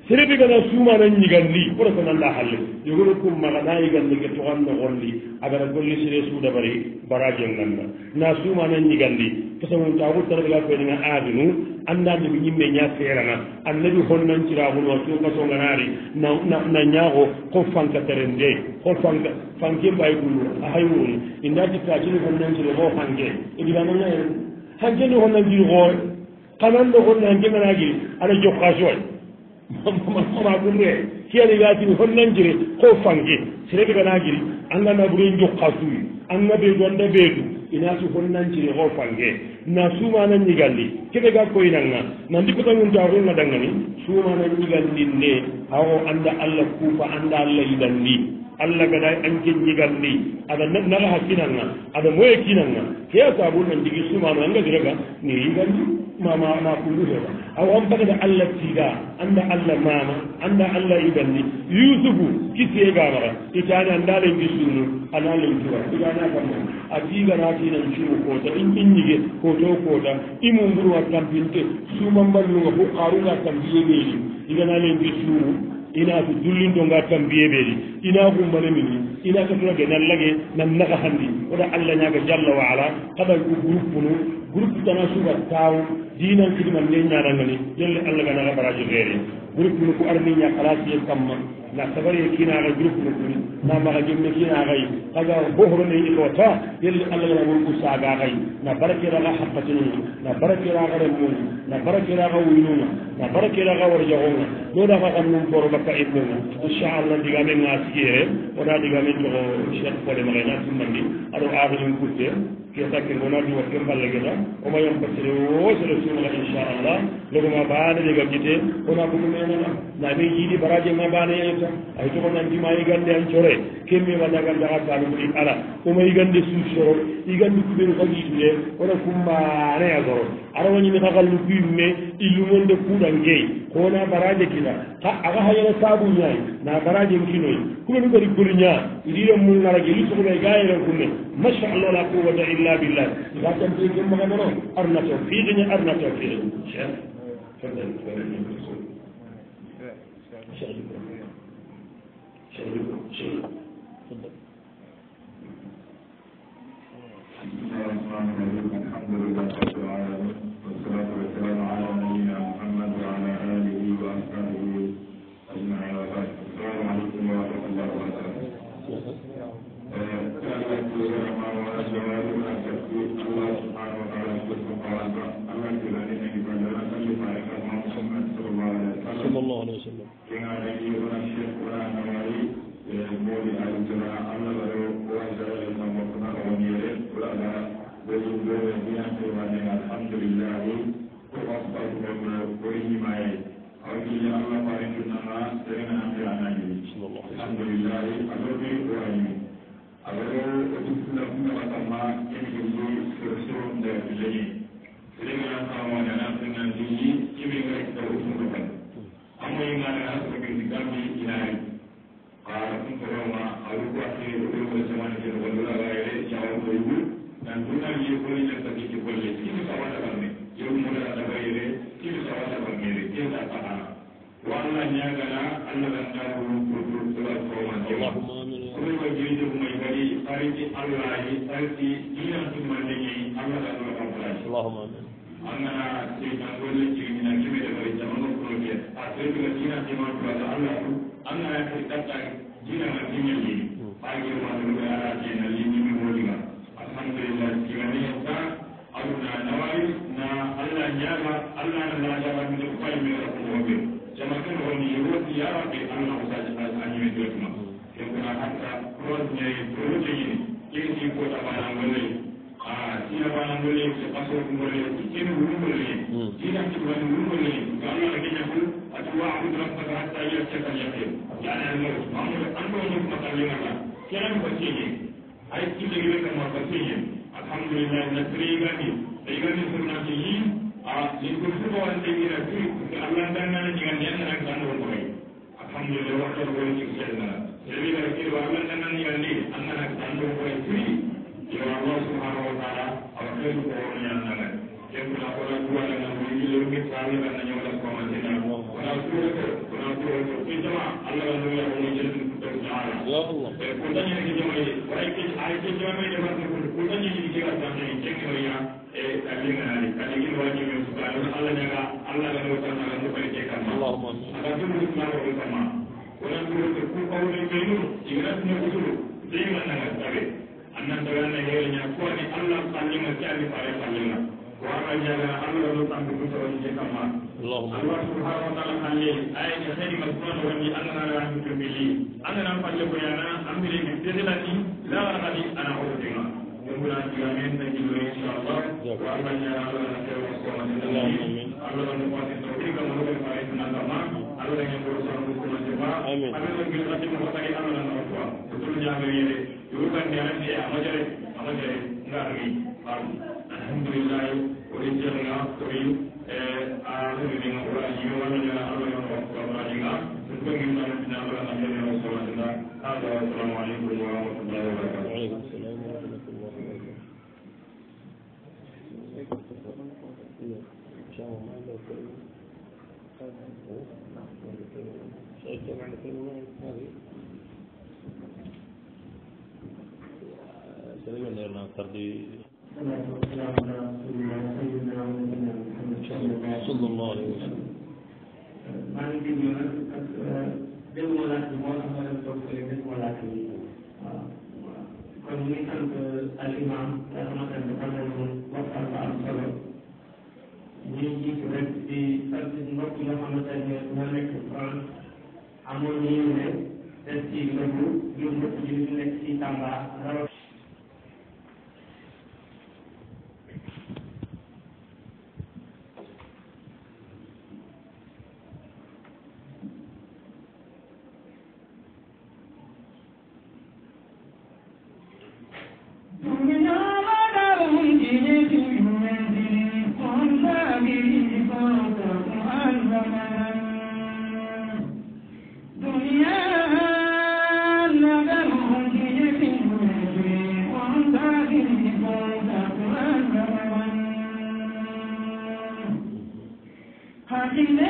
serebi gana suumana ñiganndi ɓura ko nannda halle yogono kum maga naa yiganndi ge toganno golli a gana golli sere suuda bari baraje ngannda naa suumana ñiganndi pasamum to a wutta rabiga koyɗenga aadunu anndaande ko yimɓe ña feerana annabi honnanciraaxunua sukasonganaari na ñaaxo ko fanka teren de ko fanka fanke mbaay gullu a haywuru i ndaatittaa cini honnanciri koo fanke e ɗiganoñaen hanke ndi honnanciri xooy xananɗo honni hanke menaa giri aɗa jokkaa sooy mama ɗum re si ani yaatini hon nanngire ko fange si reɓe ganaagiri anndanaɓure jokka suuyi anna ɓeedu annda ɓeedu ina su hon nanngire ho fange na suumananñigalli keɓe ga koye nanga na ndikkotangunta hunga dangani suumananñigalli nde ha o annda allah kuufa annda allah yiɗan ndi allah gaday añken ñigal ni aɗa naraha kinanga aɗa moye kinanga heya saabunan jigi sumano angadiraga ni rigandi mama kundu heɓa awa an bagata allah tiga anda allah mama anda allah yiganni yusufu kiseegamaxa itani anda lengi sunu ana len tuwa igana kamma a tiganatinan cumu kota in in ñige koto kota imunguruwa tampinte sumanballunga fo xaruga tampiyegeni igana lengi sunu ina ko dullintonga tan mbiyeɓeeɗi ina ko mbanamini ina katunage nan lage nan naga hanndi oɗa allah ñaaga jalla wa ala haɗa ko groupe nu groupe tana suga taw diinan tigiman ne ñaanangani lelle allah ga naxa barage feere groupe nu ku arni ña xalaasye kam ma nda sabare kiinaxa groupe nu kuni nda maxa jem ne kiinaxay xaga bo horonee i loota lelle allah ga na wurku saaga xay na barakeeraxa xaqatinuna na barakeeraxa remuna na barakeeraxa winuna na barakeeraxa warjaxuna doodaxa xam num poro bakka ibnuna e inchallah ndigame ga sikeere oda ndigame joxo chek polem xena simmandi aɗo axinum kutte ke sakke ngona diwat ke mballegeta o mayam pasere wo sere ɗumana inchallah logoma baane ɗe gabjete kono abdoum menana namin yiiɗi baraje ma baane yeyta ay togo nandima yigande an coore kemmi waɗagande hartaɓe muɗi ala omo yigande suuf soro yigande kuɓeni kagiitude kono kummaane a soro aɗa wañini kakallu kuimme illumonde kuuɗangey kona baraje kina ha aga hayana saabu ñaayi na baraje nkinoyi kuma ɗu kadi goli ñaa ndiɗen mum narage li sohulay ga yeren kunne machallah la quwata illa billah ga tampe gemmaganano arna tawfiqiña arna tawfiqiña cheikh fadal cheikh cheikh cheikh fadal بسم الله الرحمن الرحيم الحمد لله رب العالمين والصلاه والسلام alhamdulillah alladhi yuhyi അവര് നടത്തുന്ന എനിക്ക് സുരക്ഷിതമുണ്ട് ഇല്ലെങ്കിൽ ശ്രീകാരണമാവാൻ അനാഥങ്ങൾ ഈ ഇവയെ പ്രവർത്തിക്കുന്നുണ്ട് അമ്മയുമാരെ അനാഥിക്കാമി ഇനായി ആർക്കും കുറവുള്ള അവർക്ക് ഒരു വശമാണ് വലുതാകാതെ അവർ പോയി ഞാൻ മുന്നാളിയെ പോയി ഞാൻ സഹിക്കപ്പോയി ഇത് സവാല പറഞ്ഞു ഇവരുടെ തലവയിലെ ഇത് സവാല പറഞ്ഞത് ഏതാ കാണാം വളരെ ഞാൻ അല്ല തന്നെ kuma ba jirgin kuma yi gari sarki alwari sarki jiya su mande ne an yi kasuwa kan kulashi an na ce ta kwallo jirgin na kime da bari jama'a ko kuma biyar a sai daga jiya su ma kuwa da an lafu an na ya ce tsakta jiya na jiya ne ba ke ma da ruwa ya ce na limi mai wani ba alhamdulillah jiya ne ya sa abu na nawari na allah ya ba allah na na ya kuma biyar jama'a kan wani yi rufi ya ba bai na kusa jiya su an yi kuma ya kuna hata kwenye protein ili iko tabana ngole ah sina bana ngole sepaso ngole kinu ngole sina kitu ngole kama lakini ku atwa kudra mpaka hata ile chaka yake yani ndio mambo ambayo ni makalima kila mbachini aikile kama mbachini alhamdulillah nasriga ni igani sunna hii ah ni kusuko wandengira tu Allah ndana ni ngani ndana ngani alhamdulillah wakati wa ni Jadi dari itu Allah dengan yang ini akan tanggung kembali. Ya Allah Subhanahu Wa Taala, akan kau yang nanti. Jadi pelakuan dua dengan ini lebih sahli dan hanya oleh komandan Allah. Kalau tuh itu, kalau tuh itu, kita mah Allah yang mulia ini jadi kita bersama. Allah Allah. Kudanya ini cuma ini. Baik ini, ayat ini cuma ini dapat dikurung. Kudanya ini kita sama ini. Jadi kau yang eh kalian nanti, kalian ini wajib yang suka. Allah jaga, Allah yang mengucapkan itu baik jekan. Allah Allah. Agar tuh mungkin malu kita mah orang guru tu pun kau ni beli tu, jangan lah, punya guru, dia mana nak tahu? Anak tu kan yang hebatnya, kuat ni Allah paling nak cari paling paling nak. Kuat aja lah, Allah tu tak butuh orang yang sama. Allah Subhanahu Wa Taala kali, ayat yang saya dimaksudkan orang ni anak anak yang terpilih, anak anak pada bayarnya, ambil ini, jadi lagi, lawan lagi anak orang tua. Kemudian kita minta jilid insyaAllah, kuatnya Allah nak cari orang yang sama. Allah menguasai topik, kemudian kita minta maaf yang berusaha untuk berjemaah. Amin. Amin. Mungkin nanti mengatakan kita dalam Al-Quran. Itu jangan ini. Ibu kan dia nanti ya. Amat jari. Amat jari. Enggak lagi. Alhamdulillah. Kuri jangan kuriu. Alhamdulillah. Ibu kan dia nanti ya. Amat jari. Amat jari. Enggak lagi. Alhamdulillah. Kuri jangan kuriu. Alhamdulillah. Ibu kan dia nanti ya. Amat jari. Amat jari. Enggak lagi. Assalamualaikum warahmatullahi wabarakatuh. Yeah. Oh. الجمع الكلمة هذه سليمان لنا تربي صلى الله عليه وسلم maa ngi déglu nag ak déglu ma laaj bi moo tax ma dem toog fële déglu ma laaj bi waaw kon ñu ngi sant al imam nga xamante ne dafa doon waxtaan bu am solo ñu ngi jiitu rek di sant mbokk yi nga xamante ne ñoo nekk France amul ñu ne te ci nëbbu ñun ñëpp ñu nekk ci Amen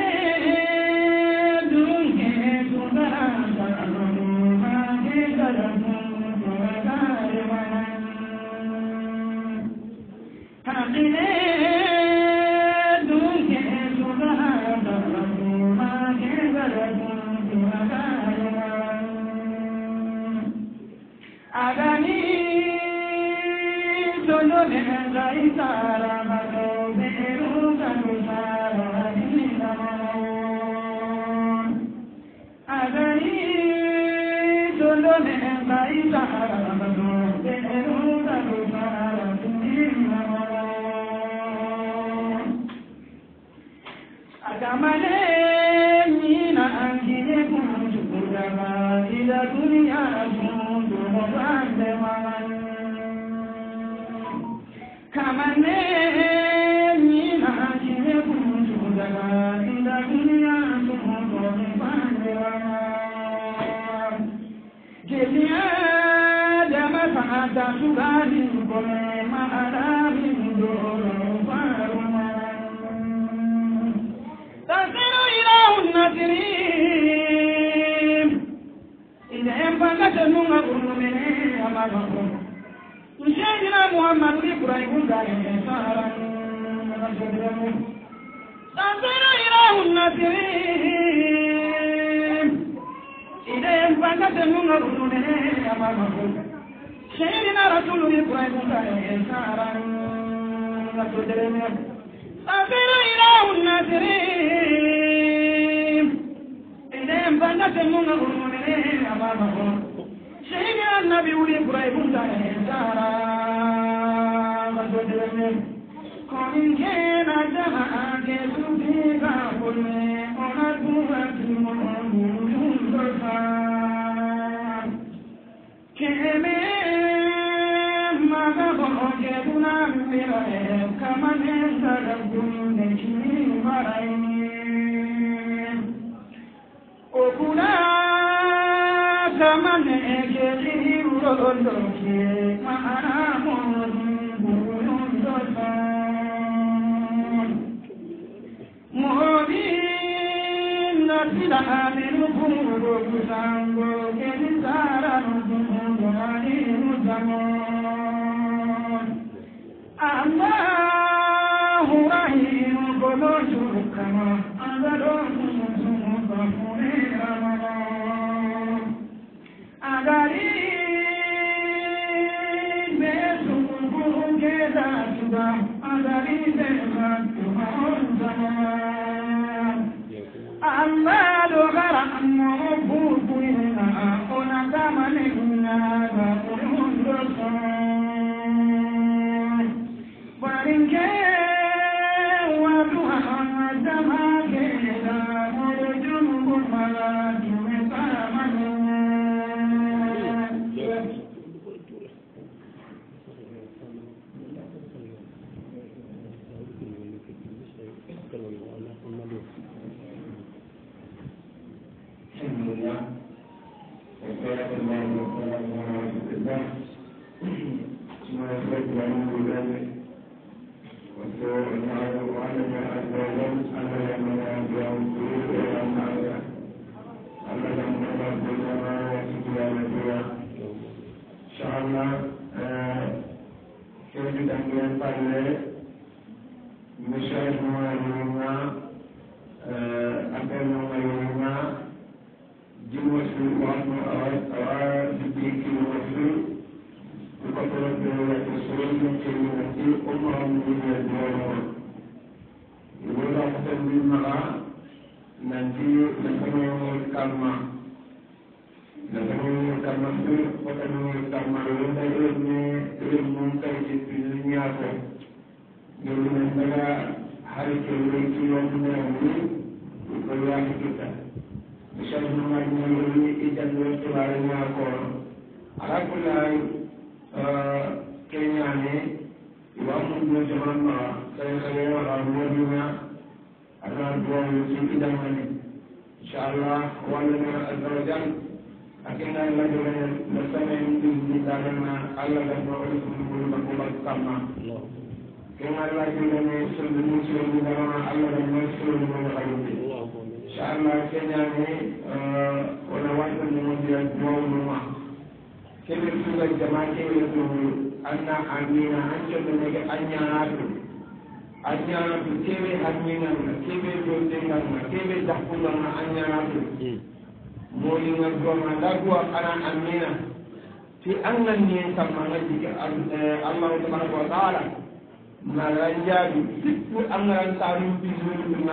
الذين جاهدوا فينا قل أنبئكم بالكفار كم مغبوجنا من كمن سلكم نجمي مرين أولئك تحمل قلوبهم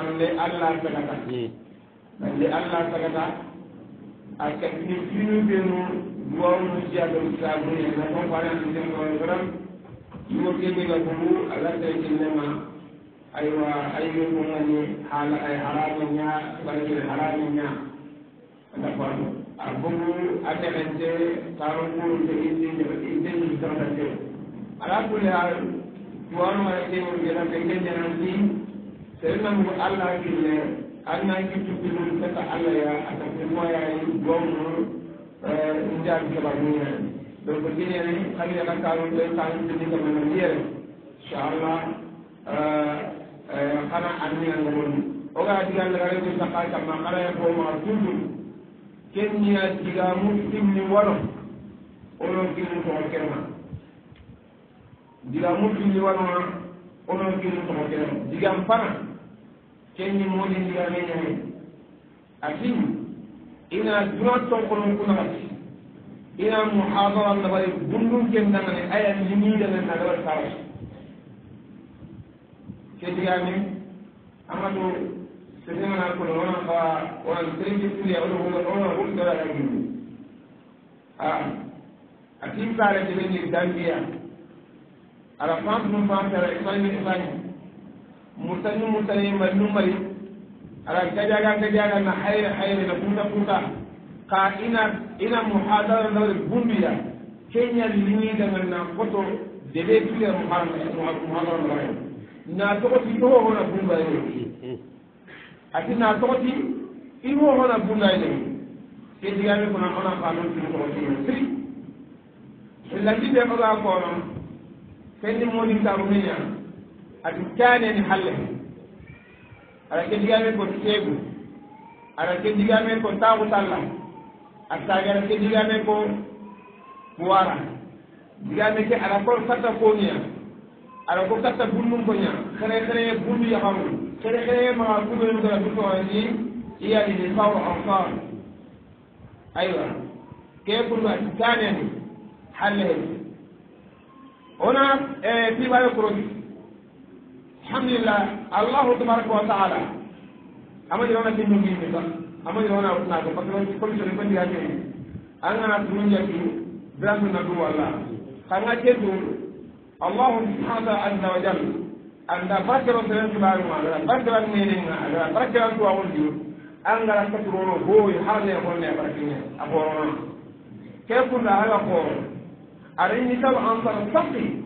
balle allah sagata balle allah sagata aka ni finu benu duwawnu siyaɓen sabune na konkoananidemkoe faram iwo keɓega kumu alataykinnema aywa ayyukungani hala ay harama ña ɓarkir harama ña d'accord a bogu a tenente taro kurude indeni sawtate ala kulle hal duwawnu wara kewol genante kenjananti sayna mu allah ki ne anna ki ci ci mun ta allah ya ak ci moya yi gom euh ndial ci ba ni ne do ko gine ne xali ya ka ru do tan ci ni ko mo yel sha allah euh xana an ni ngi won o ga di ngal ra ci taqa ka ma mara ya ko ma tuddu ken ni ya ci ga mu tim ni waro o lo ki mu ko kenna di ga mu tim ni waro o lo ki mu ko kenna di ga fana kenni moolu ndiyame ñame atin ina duratto konon kunakati ina muhadara nabari bundum kendangane aya limiidane nagabari sawas kedigami amadu sedengana kono wona ka wonan teriji tuliya ono ona hulgara agindu a atin saare deɓeni gambiya ala fam ɗum fam tara isani isani musani musani mallu mari aran kajaga kajaga na hayre hayre na kunta kunta ka ina ina muhadara na bumbiya kenya lini da na koto de be tuya muhadara na na toko ti ho ho na bumba ne ati na toko ti i ho ho na bumba ne ke diga me kuna ona ka no ti toko ti tri illa ti de ko ga ko no kendi modi ta rumenya atukkanen halle aɗa keddigamen ko seegu aɗa keddigamen ko taxutalla attaage aɗa keddigamen ko muwara digame ke aɗa ko katta koña aɗa ko katta bulmum koña xere xereye bundu yaxaru xere xereye maxa kuɓenugala tutoani iyani lifaru enfar aywa ke kunu atukkanen halle ona eh, tiɓayo korogi alhamdulillah allahu tabaraka wa taala ama jirona ke ñungi mi sax ama jirona wutna ko parce que commission ko ndiya ke an ngana tunu ñaki birandu na du walla xanga ke du allahu subhanahu wa azza wa jalla anda barkero seren kibaru ma ala barkero nene nga ala barkero tuwa wundi an ngara katurono hoyi harne honne barakine a horono ke kunda ala ko arin ni taw ansar saqi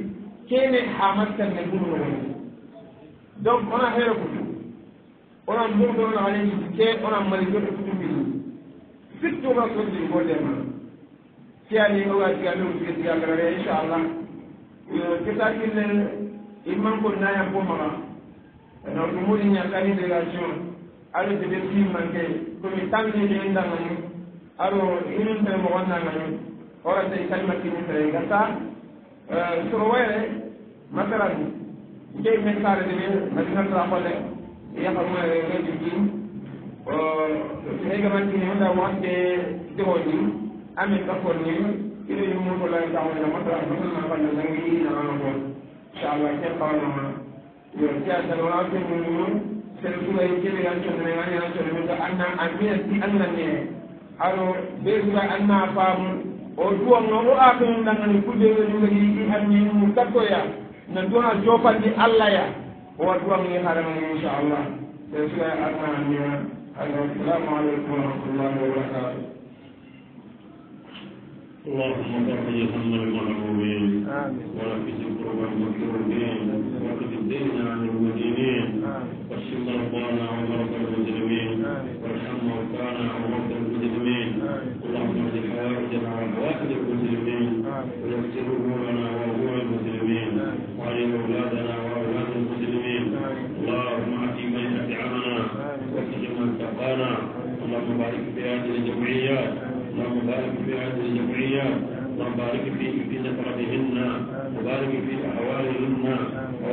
kene hamantan na gunu wani donc ona hera kutu ona mumdo ona wani ke ona maliko kutu bi sittu ma so di gode ma tiani o ga tiga no ke tiga kare insha Allah ke ta kin ne imam ko na ya ko ma na ko mo ni ya kani de la jon alo de bi man ke ko mi tan ni de nda ngani aro irin de mo wanna ngani ora te kalma ki ni de ngata surwere masalan nde men kaare de madinata holle yaha reji ɗin hegamanti henda wonde dewo ni amin ɗakkol ni ina yummutola tawona masalan masalna fanna sangi naano toon inchallah ken pawanoma yo siyasalwa kemumum sen suwa keɓe yan condene ani yan condene min to anna an mina si annanne aɗo ɓe suwa anna faamu o duwanno o oh, aatonin ɗangani kudde ɓe ɗumgaɗi ɗi anni mum kattoya na duwa jopan di Allah ya wa duwa mi haram insha Allah sai sai arna ni assalamu alaikum warahmatullahi wabarakatuh Allahumma barik lana wa lana wa lana wa lana wa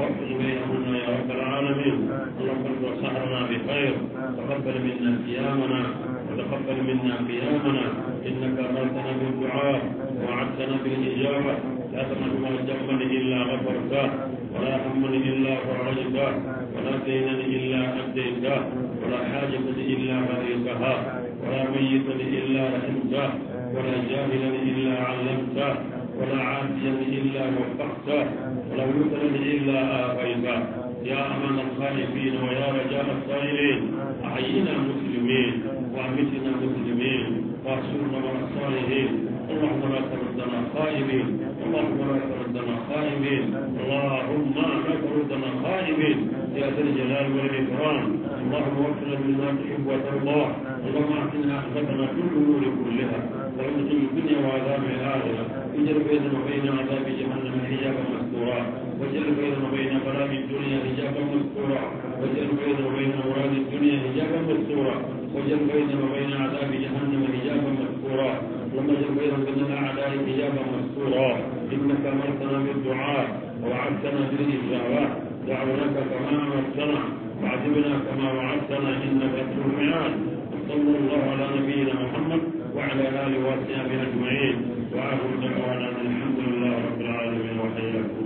ووفق بيننا يا رب العالمين اللهم وسعنا بخير تقبل منا صيامنا وتقبل منا قيامنا انك امرتنا بالدعاء وعدتنا بالاجابه لا تمنع ذنبا الا غفرته ولا هما الا فرجته ولا دينا الا اديته ولا حاجه الا قضيتها ولا ميت الا رحمته ولا جاهلا الا علمته ولا عادية إلا وفقته ولا مدرج إلا آخيته يا أمن الخائفين ويا رجاء الصائرين أحيينا المسلمين وأمتنا المسلمين وأحشرنا مع الصالحين اللهم لا تردنا خائبين اللهم لا تردنا خائبين اللهم لا تردنا خائبين يا ذا الجلال والإكرام اللهم وفقنا لما تحب وترضى اللهم اعطنا اخذتنا في الامور كلها ورحمة الدنيا وعذاب الاخره اجعل بيننا وبين عذاب جهنم حجابا مستورا واجعل بيننا وبين بلاء الدنيا حجابا مستورا واجعل بيننا وبين اوراد الدنيا حجابا مستورا واجعل بيننا وبين عذاب جهنم حجابا مستورا اللهم اجعل بيننا وبين الاعداء حجابا مستورا انك امرتنا بالدعاء ووعدتنا به الدعوات دعوناك كما امرتنا وعجبنا كما وعدتنا إنك ترميان صلى الله على نبينا محمد وعلى آله وصحبه أجمعين وآخر دعوانا الحمد لله رب العالمين وحياكم